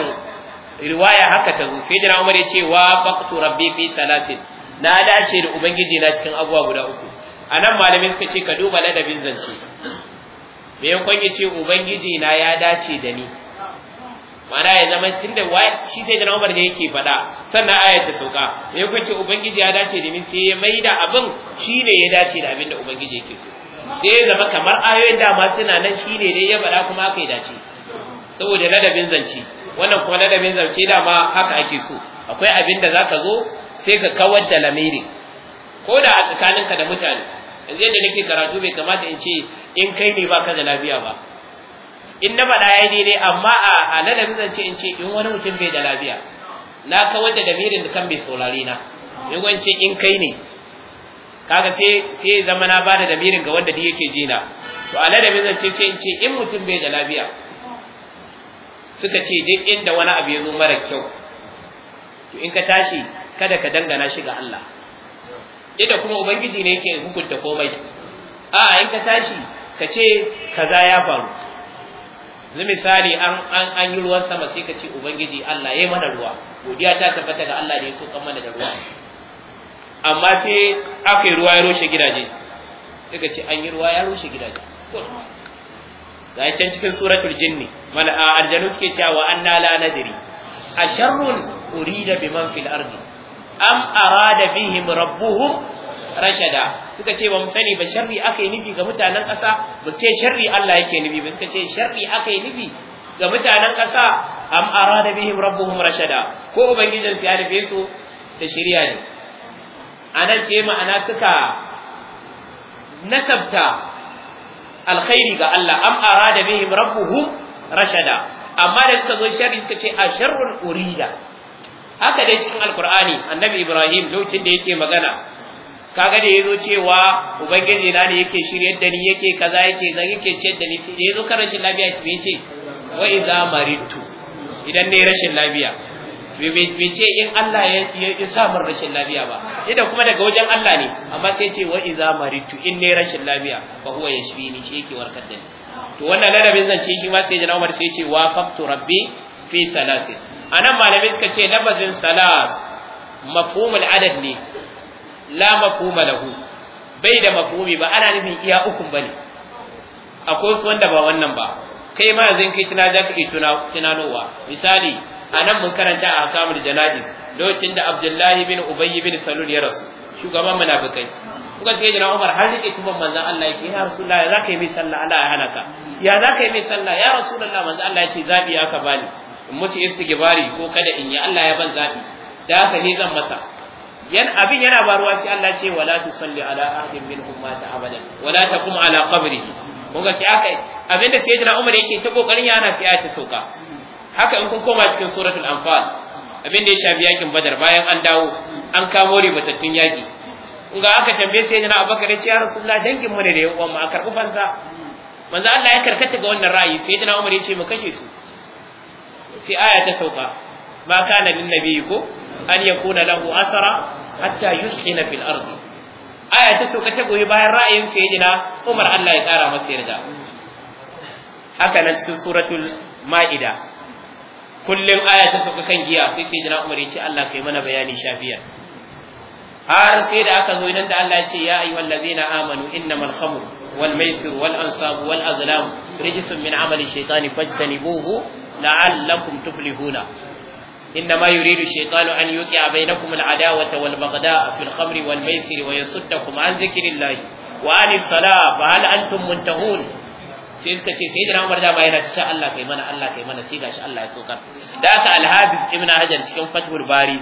A: riwaya haka ta zo sai Umar ya ce wa faqtu rabbi fi salasin na dace da ubangiji na cikin abubuwa guda uku anan malamin suka ce ka duba ladabin zance me yankon ya ce ubangiji na ya dace da ni mana ya zama tun tunda shi sai da Umar da yake faɗa sannan ayat da sauka me yankon ce ubangiji ya dace da ni sai ya da abin shi ne ya dace da abin da ubangiji yake so sai ya zama kamar ayoyin da dama suna nan ne dai ya faɗa kuma aka yi dace saboda ladabin zance wannan kuma ladabin zance dama haka ake so akwai abin da ka zo sai ka kawar da lamiri ko da a tsakaninka da mutane yanzu yadda nake karatu bai kamata in ce in kai ne ba ka da lafiya ba in na faɗa ya daidai amma a ladabi zan ce in ce in wani mutum bai da lafiya na kawar da damirin da kan bai saurari na in ce in kai ne kaga sai sai zama na bada damirin ga wanda yake jina to a ladabi zan ce sai in ce in mutum bai da lafiya suka ce duk inda wani abu ya zo mara kyau to in ka tashi kada ka dangana shi ga Allah yadda kuma ubangiji ne yake hukunta komai a in ka tashi ka ce kaza ya faru yanzu misali an an an yi ruwan sama sai ka ce ubangiji Allah ya mana ruwa godiya ta tabbata ga Allah da ya so kan mana da ruwa amma sai akai ruwa ya rushe gidaje sai ka ce an yi ruwa ya rushe gidaje ga can cikin suratul jinni mana aljanu suke cewa anna la nadri asharrun urida biman fil ardi am arada bihim rabbuhum rashada suka ce ba mu sani ba sharri aka yi nufi ga mutanen ƙasa ba ce sharri Allah yake nufi ba suka ce sharri aka yi nufi ga mutanen ƙasa am arada bihim rabbuhum rashada ko ubangijin su ya nufe su da shirya ne anan ce ma'ana suka nasabta alkhairi ga Allah am arada bihim rabbuhum rashada amma da suka zo sharri suka ce a sharrun urida haka dai cikin alkur'ani annabi ibrahim lokacin da yake magana kaga da yazo cewa ubangiji na ne yake shiryar da ni yake kaza yake zan yake ciyar da ni shi da yazo kan rashin lafiya ki me ce wa idza maritu idan ne rashin lafiya me ce in Allah ya sa min rashin lafiya ba idan kuma daga wajen Allah ne amma sai ce wa idza maritu in ne rashin lafiya fa huwa ni, shi yake warkar da ni to wannan ladabin zance shi ma sai jana sai ce wa faqtu rabbi fi salasin anan malamai suka ce lafazin salas mafhumul adad ne la mafhuma lahu bai da mafhumi ba ana nufin iya ukun bane akwai su wanda ba wannan ba kai ma yanzu kai tuna za ka iya tunanowa misali a nan mun karanta a hakamul jana'i lokacin da abdullahi bin ubayy bin salul ya rasu shugaban munafikai kuka ce jina umar har rike tuban manzon Allah yake ya rasulullahi za ka yi mai sallah Allah ya hana ka ya za ka yi mai sallah ya rasulullahi manzon Allah ya ce zabi ka bani in musu istighfari ko kada in yi Allah ya ban zaɓi. da haka ni zan masa yan abin yana baruwa sai Allah ce wala tusalli ala ahadin minhum ta abada, wala taqum ala qabrihi kun ga sai aka abinda sayyidina Umar yake ta kokarin yana sai ayata sauka haka in kun koma cikin suratul anfal abin da ya shafi yakin badar bayan an dawo an kamo ribatattun yaki in ga aka tambaye sai yana abakar ce ya rasulullah dangin mu ne da yan uwan mu a karbi fansa manzo Allah ya karkata ga wannan ra'ayi sai yana Umar ya ce mu kashe su sai aya ta sauka ma kana lin nabiyyi ko an yakuna lahu asara hatta yushkina fil ardi aya ta sauka ta goyi bayan ra'ayin sayyidina Umar Allah ya kara masa yarda haka cikin suratul ma'ida kullum aya ta sauka kan giya sai sayyidina Umar ya ce Allah kai mana bayani shafiyar har sai da aka zo nan da Allah ya ce ya ayyuhal na amanu innamal khamru wal maisir wal ansab wal azlam rijsun min amali shaytani fajtanibuhu la'allakum tuflihuna إنما يريد الشيطان أن يوقع بينكم العداوة adawata في الخمر والميسر ويصدكم عن ذكر الله وعن الصلاة فهل أنتم منتهون sai suka ce sai dina umar dama yana cewa Allah kai mana Allah kai mana sai gashi Allah ya saukar da aka hajar cikin fathul bari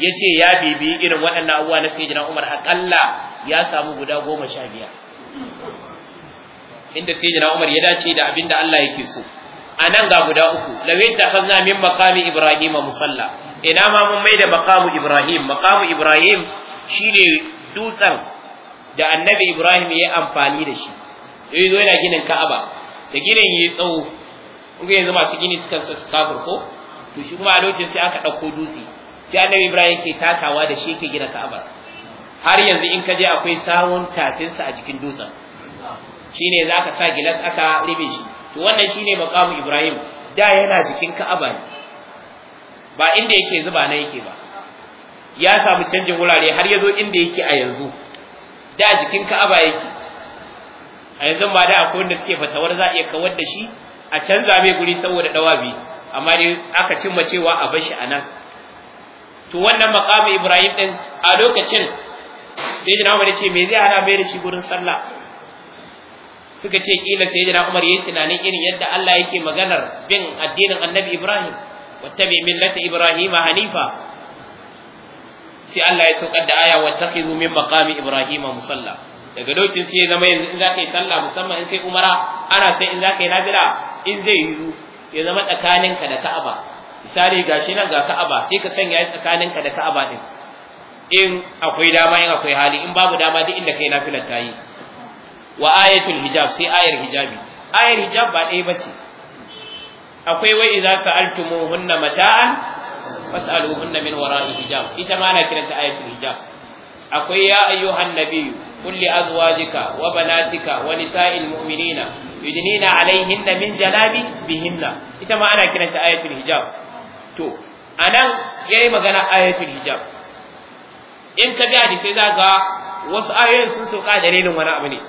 A: yace ya bibi irin waɗannan uwa na sayyidina umar akalla ya samu guda goma sha biyar inda sayyidina umar ya dace da abinda Allah yake so anan ga guda uku ta khazna min maqami ibrahim musalla ina ma mun mai da maqamu ibrahim maqamu ibrahim shine dutsen da annabi ibrahim ya amfani da shi yayi zo yana ginin ka'aba da ginin yayi tsawo kuma yanzu masu gini sukan su kafir ko to shi kuma a lokacin sai aka ɗauko dutse sai annabi ibrahim ke takawa da shi ke gina ka'aba har yanzu in ka je akwai sawun tafinsa a jikin dutsen shine zaka sa gilas aka ribe shi to wannan shine maqamu ibrahim da yana jikin ka'aba ne ba inda yake zuba na yake ba ya samu canjin wurare har ya zo inda yake a yanzu da jikin ka'aba yake a yanzu ma da akwai wanda suke fatawar za a iya kawar da shi a canza mai guri saboda dawabi amma dai aka cimma cewa a bar shi a nan to wannan maqamu ibrahim din a lokacin sai jina ce me zai hana mai da shi gurin sallah suka ce kila sayyidina Umar yayin tunanin irin yadda Allah yake maganar bin addinin Annabi Ibrahim wattabi millata Ibrahim hanifa sai Allah ya saukar da aya wattakhidhu min maqami Ibrahim musalla daga lokacin sai zama yanzu in zaka yi sallah musamman in kai umara ana sai in zaka yi in zai yiwu ya zama tsakaninka da Ka'aba misali gashi nan ga Ka'aba sai ka sanya ya tsakaninka da Ka'aba din in akwai dama in akwai hali in babu dama duk inda kai nafilar ta yi wa ayatul hijab sai ayar hijabi ayar hijab ba ɗaya bace akwai wai idza sa'altumuhunna mata'an fas'aluhunna min wara'i hijab ita ma ana kiranta ayatul hijab akwai ya ayyuhan nabiyyu qul li azwajika wa banatika wa nisa'il mu'minina yudnina alaihinna min jalabi bihinna ita ma ana kiranta ayatul hijab to anan yayi magana ayatul hijab in ka bi hadisi za ga wasu ayoyin sun sauka dalilin wani abu ne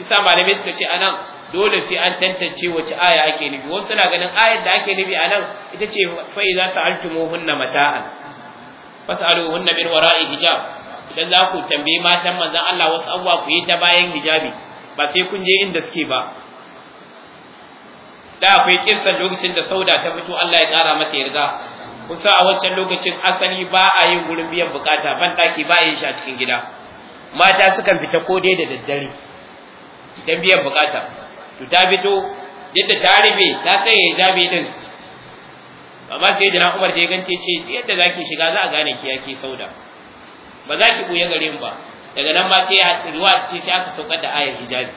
A: isa malamai suka ce anan dole fi an tantance wace aya ake nufi wasu suna ganin ayar da ake nufi anan ita ce fa idza hunna mata'an hunna min wara'i hijab idan za ku tambayi matan manzon Allah wasu abubuwa ku yi ta bayan hijabi ba sai kun je inda suke ba da akwai kirsan lokacin da sauda ta fito Allah ya kara mata yarda kusa a wancan lokacin asali ba a yin wurin biyan bukata ban daki ba yin shi a cikin gida mata sukan fita ko dai da daddare dan biyan bukata to ta fito yadda ta rufe ta sanya hijabi din amma sai jira Umar da ya gante ce yadda zaki shiga za a gane ki yake sauda ba za ki buya garin ba daga nan ma sai ruwa ce sai aka saukar da ayar hijabi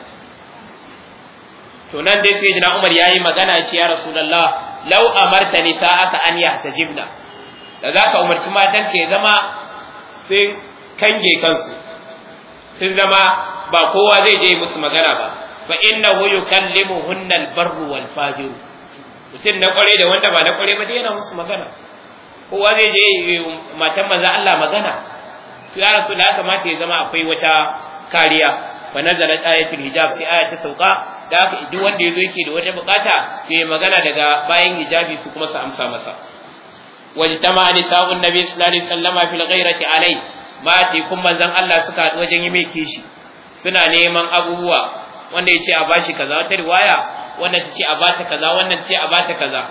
A: to nan dai sai jira Umar yayi magana ce ya Rasulullah law amarta nisa'aka an yahtajibna da zaka umarci matan ya zama sun kange kansu sun zama ba kowa zai je musu magana ba fa innahu yukallimuhunna al-barru wal fajir mutum na kware da wanda ba na kware ba dai yana musu magana kowa zai je matan manzo Allah magana to ya rasul ya kamata ya zama akwai wata kariya fa nazalat ayatul hijab sai aya ta sauka da haka duk wanda yazo yake da wata bukata to ya magana daga bayan hijabi su kuma su amsa masa wajtama nisa'un nabi sallallahu alaihi wasallama fil ghairati alai mati kun manzan Allah suka haɗu wajen yi mai kishi suna neman abubuwa wanda ya ce a bashi kaza wata riwaya wannan ta ce a bata kaza wannan ta ce a bata kaza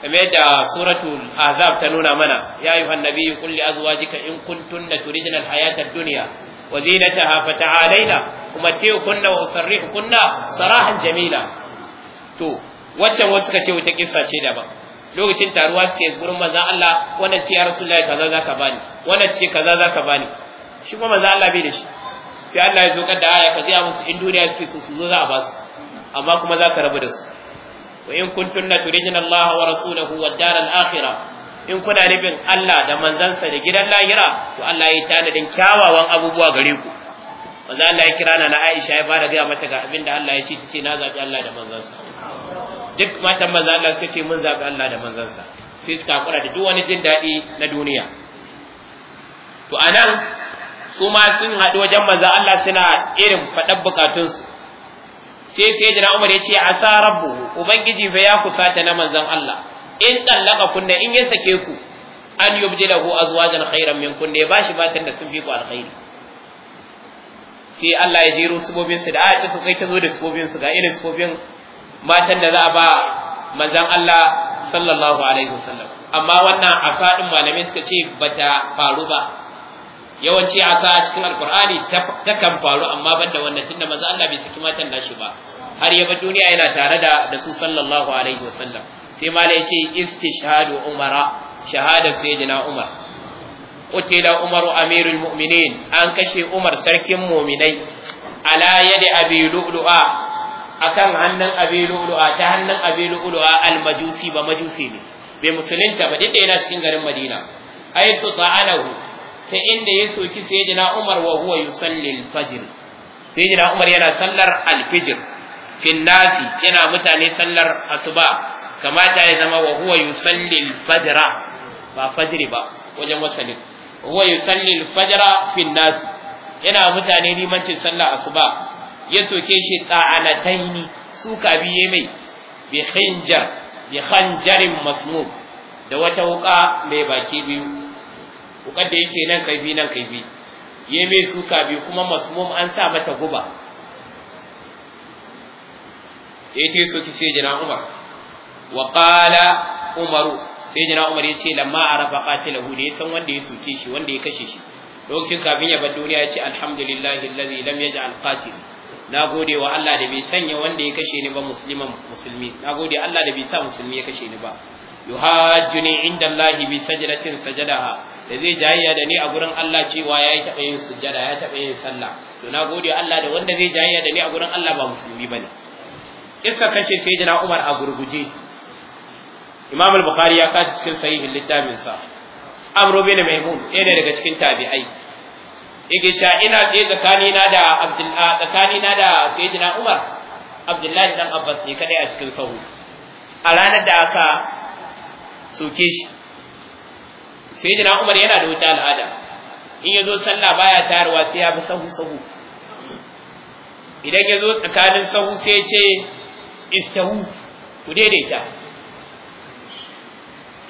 A: kamar yadda suratul azab ta nuna mana ya yi annabi qul li azwajika in kuntunna turidna al-hayata ad-dunya wa zinataha fata'alaina umatikunna wa usarrihukunna sarahan jamila to waccan wasu suka ce wata kissa ce daban lokacin taruwa suke gurin manzon Allah wannan ce ya rasulullahi kaza zaka bani wannan ce kaza zaka bani shi kuma manzon Allah bai da shi sai Allah ya saukar da aya ka gaya musu in duniya suke so su zo za a ba su amma kuma za ka rabu da su wa in na turijin Allah wa rasulahu wa daral akhirah in kuna nufin Allah da manzansa da gidan lahira to Allah ya tanadin kyawawan abubuwa gare ku manzo Allah ya kira na Aisha ya fara gaya mata ga abinda da Allah ya ce tace na zabi Allah da manzansa duk matan manzo Allah suka ce mun zabi Allah da manzansa sai suka kura da duk wani jin daɗi na duniya to anan su ma sun haɗu wajen manzan Allah suna irin faɗar bukatunsu sai sai jira Umar ya ce a sa rabu, ubangiji bai ya kusa ta na manzan Allah in tallaka kunna in ya sake ku an yi da a zuwa jan khairan min kunna ya shi matan da sun fi ku alkhairi sai Allah ya jero subobin da ayatu su kai ta zo da subobin ga irin sabobin matan da za a ba manzan Allah sallallahu alaihi wasallam amma wannan a asadin malamai suka ce bata faru ba yawanci asa a cikin alkur'ani ta kan faru amma ban da wannan tunda manzo Allah bai saki matan nashi ba har yaba duniya yana tare da da su sallallahu alaihi wasallam sai mala yace istishhadu umara shahada sayyidina umar qutila umar amirul mu'minin an kashe umar sarkin mu'minai ala yadi abi lu'lu'a akan hannun abi lu'lu'a ta hannun abi lu'lu'a al ba majusi ne bai musulunta ba duk yana cikin garin madina ayyatu ta'alahu ta inda ya soki sayyidina Umar wa huwa yusalli al-fajr sayyidina Umar yana sallar al-fajr fil nasi yana mutane sallar asuba kamata ya zama wa huwa yusalli al-fajr ba fajr ba wajen wasali huwa yusalli al-fajr fil nasi yana mutane limancin sallar asuba ya soke shi ta'anataini ka biye mai bi khinjar bi khanjarin masmum da wata wuka mai baki biyu wukar da yake nan kaifi nan kaifi ya mai suka bi kuma masmum an sa mata guba ya ce so ki sai jina umar wa qala umaru sai jina umar ya ce lamma arafa qatilahu ne san wanda ya suke shi wanda ya kashe shi lokacin kafin ya bar duniya ya ce alhamdulillahi allazi lam yaj'al qatil na gode wa Allah da bai sanya wanda ya kashe ni ba musliman musulmi na gode Allah da bai sa musulmi ya kashe ni ba yuhajjuni inda Allah bi sajdatin sajadaha da zai jayya da ni a gurin Allah cewa yayi taba yin sujjada ya taba yin sallah to na gode Allah da wanda zai jayya da ni a gurin Allah ba musulmi bane kissa kashe sayyidina Umar a gurguje Imam al-Bukhari ya kaji cikin sahihin littafin sa Amru bin Maimun ɗaya daga cikin tabi'ai yake cewa ina tsaye tsakanina da Abdullah na da sayyidina Umar Abdullahi dan Abbas ne kadai a cikin sahu a ranar da aka soke shi sai sayyidina Umar yana da wuta al'ada in ya zo sallah baya tayarwa sai ya bi sahu sahu idan ya zo tsakanin sahu sai ya ce istahu ku daidaita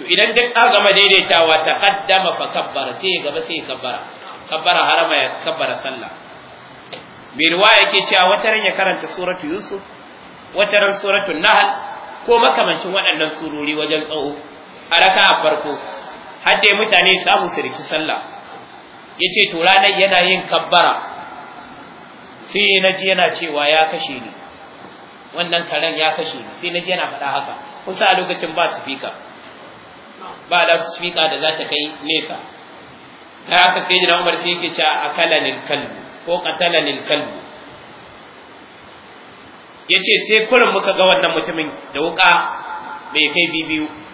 A: to idan duk azama gama daidaitawa kaddama fa kabbara sai ya gaba sai ya kabbara kabbara harama ya kabbara sallah mai riwaya yake cewa wataran ya karanta suratu yusuf ran suratu Nahal, ko makamancin waɗannan surori wajen tsawo a raka a farko har dai mutane samu su riki sallah ya ce to ranar yana yin kabbara sai na ji yana cewa ya kashe ni wannan karen ya kashe ni sai na ji yana faɗa haka kusa a lokacin ba su fika ba da fika da za ta kai nesa ta haka sai jina umar sai yake cewa akalanin kalbu ko katalanin kalbu ya ce sai kurin muka ga wannan mutumin da wuka bai kai bibiyu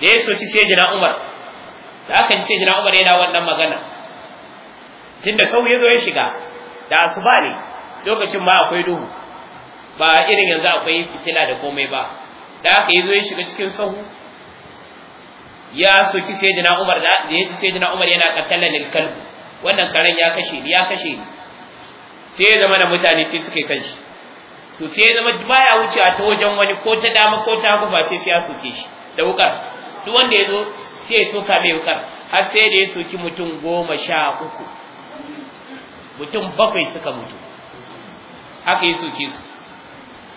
A: da ya soci sai jina Umar da aka ji sai jina Umar yana wannan magana tunda sau ya zo ya shiga da asuba ne lokacin ba akwai duhu ba irin yanzu akwai fitila da komai ba da aka yi zo ya shiga cikin sahu ya soci sai jina Umar da ya ci sai jina Umar yana kattalan lilkal wannan karen ya kashe ni ya kashe ni sai ya zama da mutane sai suke kan shi to sai ya zama baya wuce a ta wajen wani ko ta dama ko ta hagu ba sai ya soke shi da wukar duk wanda ya zo sai ya soka mai wukar har sai da ya soki mutum goma sha uku mutum bakwai suka mutu haka ya soke su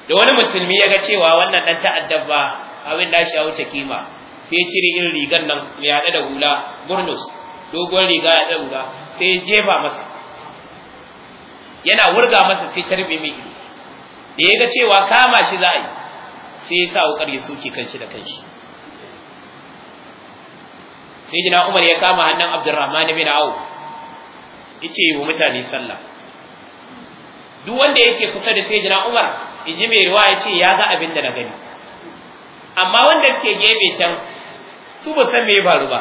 A: da wani musulmi ya ga cewa wannan dan ta'addar ba abin da shi ya wuce kima sai cire irin rigar nan mai haɗe da hula burnus dogon riga ya hula sai ya jefa masa yana wurga masa sai rufe mai ido da ya ga cewa kama shi za a yi sai ya sa wukar ya soke kanshi da kanshi sayyidina Umar ya kama hannun Abdurrahman bin Auf yace yi wa mutane sallah duk wanda yake kusa da sayyidina Umar inji mai ruwa yace ya ga abin da na gani amma wanda suke gebe can su ba san me ya faru ba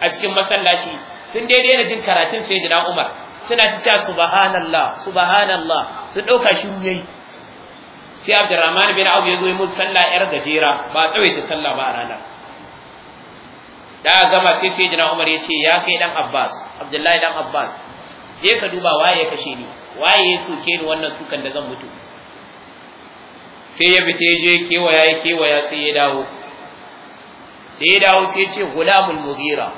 A: a cikin masallaci sun daidai na jin karatun sayyidina Umar suna ta cewa subhanallah subhanallah su dauka shi yayi sai Abdurrahman bin Auf ya zo yi musu sallah yar gajera ba tsawaita sallah ba a ranar da a gama sai sai jina umar ya ce ya kai dan abbas abdullahi dan abbas je ka duba waye ya kashe ni waye ya soke ni wannan sukan da zan mutu sai ya fita je kewaya ya kewaya sai ya dawo da ya dawo sai ya ce gulamul mugira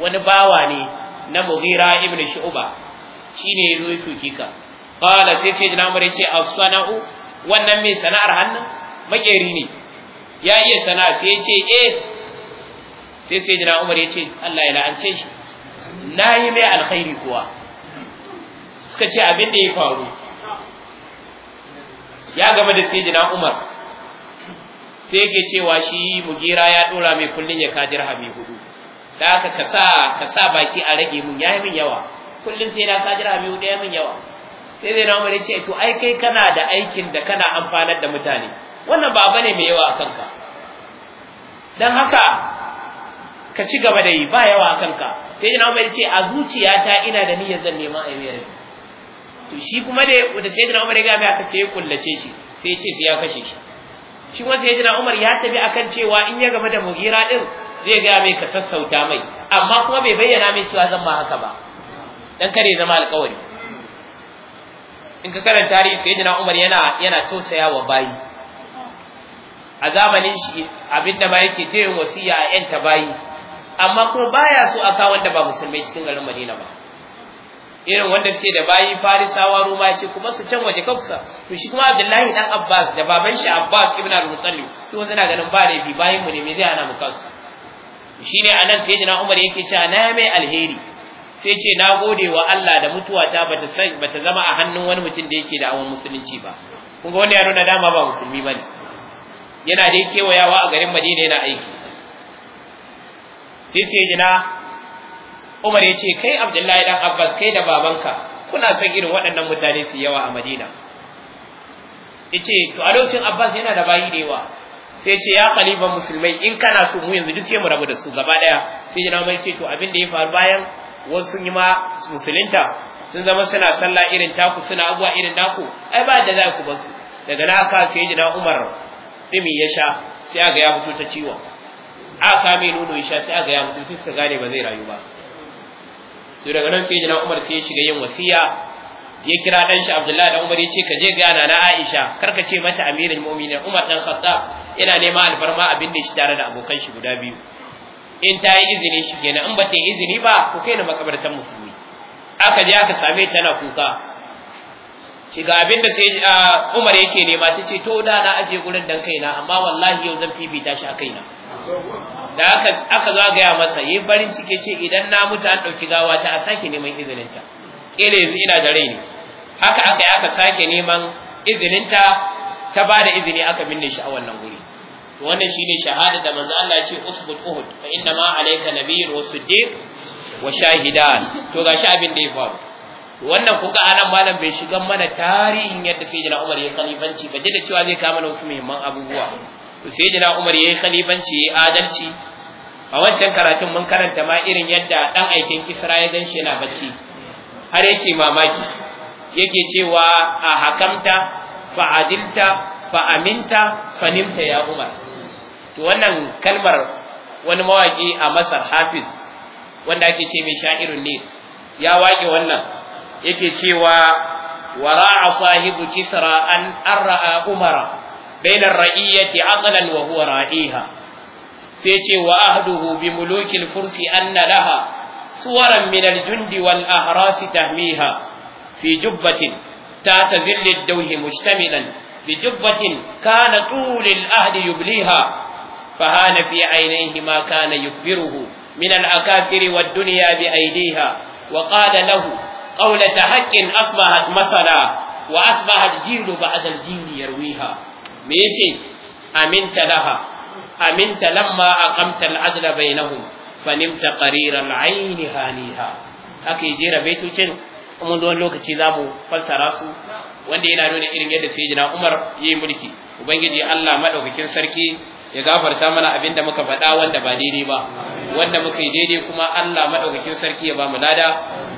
A: wani bawa ne na mugira ibn shu'ba shine ya zo ya soke ka qala sai sai jina umar ya ce as-sana'u wannan mai sana'ar hannu makeri ne ya iya sana'a sai ya ce eh sai sai jina umar ya ce Allah ya la'ance shi na yi mai alkhairi kuwa suka ce abin da ya faru ya gama da sai jina umar sai yake cewa shi mugira ya dora mai kullun ya kadir hami hudu da aka kasa kasa baki a rage mun ya yi min yawa kullun sai na kadir hami hudu yi min yawa sai zai na umar ya ce to ai kai kana da aikin da kana amfanar da mutane wannan ba ne mai yawa a kanka Don haka ka ci gaba da yi ba yawa a kanka sai jina umar ce a zuciyata ina da niyyar zan nema a yi to shi kuma da wata sai jina umar ya gami aka sai ya kullace shi sai ce sai ya kashe shi shi kuma sai jina umar ya tafi akan cewa in ya gaba da mugira din zai gaya mai ka sassauta mai amma kuma bai bayyana min cewa zan ma haka ba dan kare zama alƙawari. in ka karanta tarihi sai jina umar yana yana tausaya wa bayi a zamanin shi abinda ba yake ta yin wasiya a 'yanta bayi amma kuma baya so aka wanda ba musulmai cikin garin Madina ba irin wanda suke da bayi farisawa ruma ce kuma su can waje kafsa to shi kuma abdullahi dan abbas da baban shi abbas ibn al-muttalib su wanda na ganin ba laifi bayin mu ne me zai ana mu kansu shine anan sai jina umar yake cewa na mai alheri sai ce na gode wa Allah da mutuwa ta bata sai bata zama a hannun wani mutum da yake da awon musulunci ba kun ga wani ya nuna dama ba musulmi bane yana da yake kewayawa a garin Madina yana aiki sai sai jina Umar ya ce kai Abdullahi dan Abbas kai da babanka kuna son irin waɗannan mutane su yawa a Madina yace to a lokacin Abbas yana da bayi da yawa sai ce ya kaliban musulmai in kana so mu yanzu duk mu rabu da su gaba daya sai jina Umar ce to abin da ya faru bayan wasu sun yi ma musulunta sun zama suna sallah irin taku suna abuwa irin naku ai ba da za ku basu daga naka sai jina Umar tsimi ya sha sai ga ya fito ta ciwon a kame nono ya sha sai aka ya mutu sai suka gane ba zai rayu ba to daga nan sai jina Umar sai ya shiga yin wasiya ya kira dan shi Abdullahi dan Umar ya ce ka je gaya nana Aisha Kar ka ce mata amirul mu'minin Umar dan Khattab yana neman alfarma abin da shi tare da abokan shi guda biyu in ta yi izini shi kenan in ba ta yi izini ba ku kai na makabartan musulmi aka je aka same ta na kuka ce ga abin da sai ah, Umar yake nema ta ce to da na aje gurin dan kaina amma wallahi yau zan fifita shi a kaina da aka aka zagaya masa yi farin cike ce idan na mutu an ɗauki gawa ta a sake neman izininta ƙila yanzu ina da rai ne haka aka yi aka sake neman izininta ta ba da izini aka binne shi a wannan guri wannan shine shahada da manzo Allah ya ce usbut uhud fa inna ma alayka nabiyyun wa siddiq wa shahidan to gashi abin da ya faru wannan kuka anan malam bai shiga mana tarihin yadda sayyidina Umar ya kalifanci ba da cewa zai kama na wasu muhimman abubuwa to sayyidina Umar yayi khalifanci yayi adalci a wancan karatun mun karanta ma irin yadda dan aikin Kisra ya gan shi na bacci har yake mamaki yake cewa a hakamta fa adilta fa aminta fa nimta ya Umar to wannan kalmar wani mawaki a Masar Hafiz wanda ake ce mai sha'irun ne ya waƙe wannan yake cewa wara'a sahibu kisra an arra'a umara بين الرئية عقلا وهو رائيها فيتي وأهده بملوك الفرس أن لها صورا من الجند والأهراس تهميها في جبة تات ذل الدوه مجتملا بجبة كان طول الأهل يبليها فهان في عينيه ما كان يكبره من الأكاسر والدنيا بأيديها وقال له قولة حق أصبحت مثلا وأصبح الجيل بعد الجيل يرويها me yace aminta laha aminta lamma aqamta nahu, bainahum fanimta qarira al-ayn haniha haka yaje rabaitocin mun don lokaci zamu fassara su wanda yana nuna irin yadda jina Umar yayi mulki ubangiji Allah madaukakin sarki ya gafarta mana abin da muka faɗa wanda ba daidai ba wanda muka yi daidai kuma Allah madaukakin sarki ya ba mu lada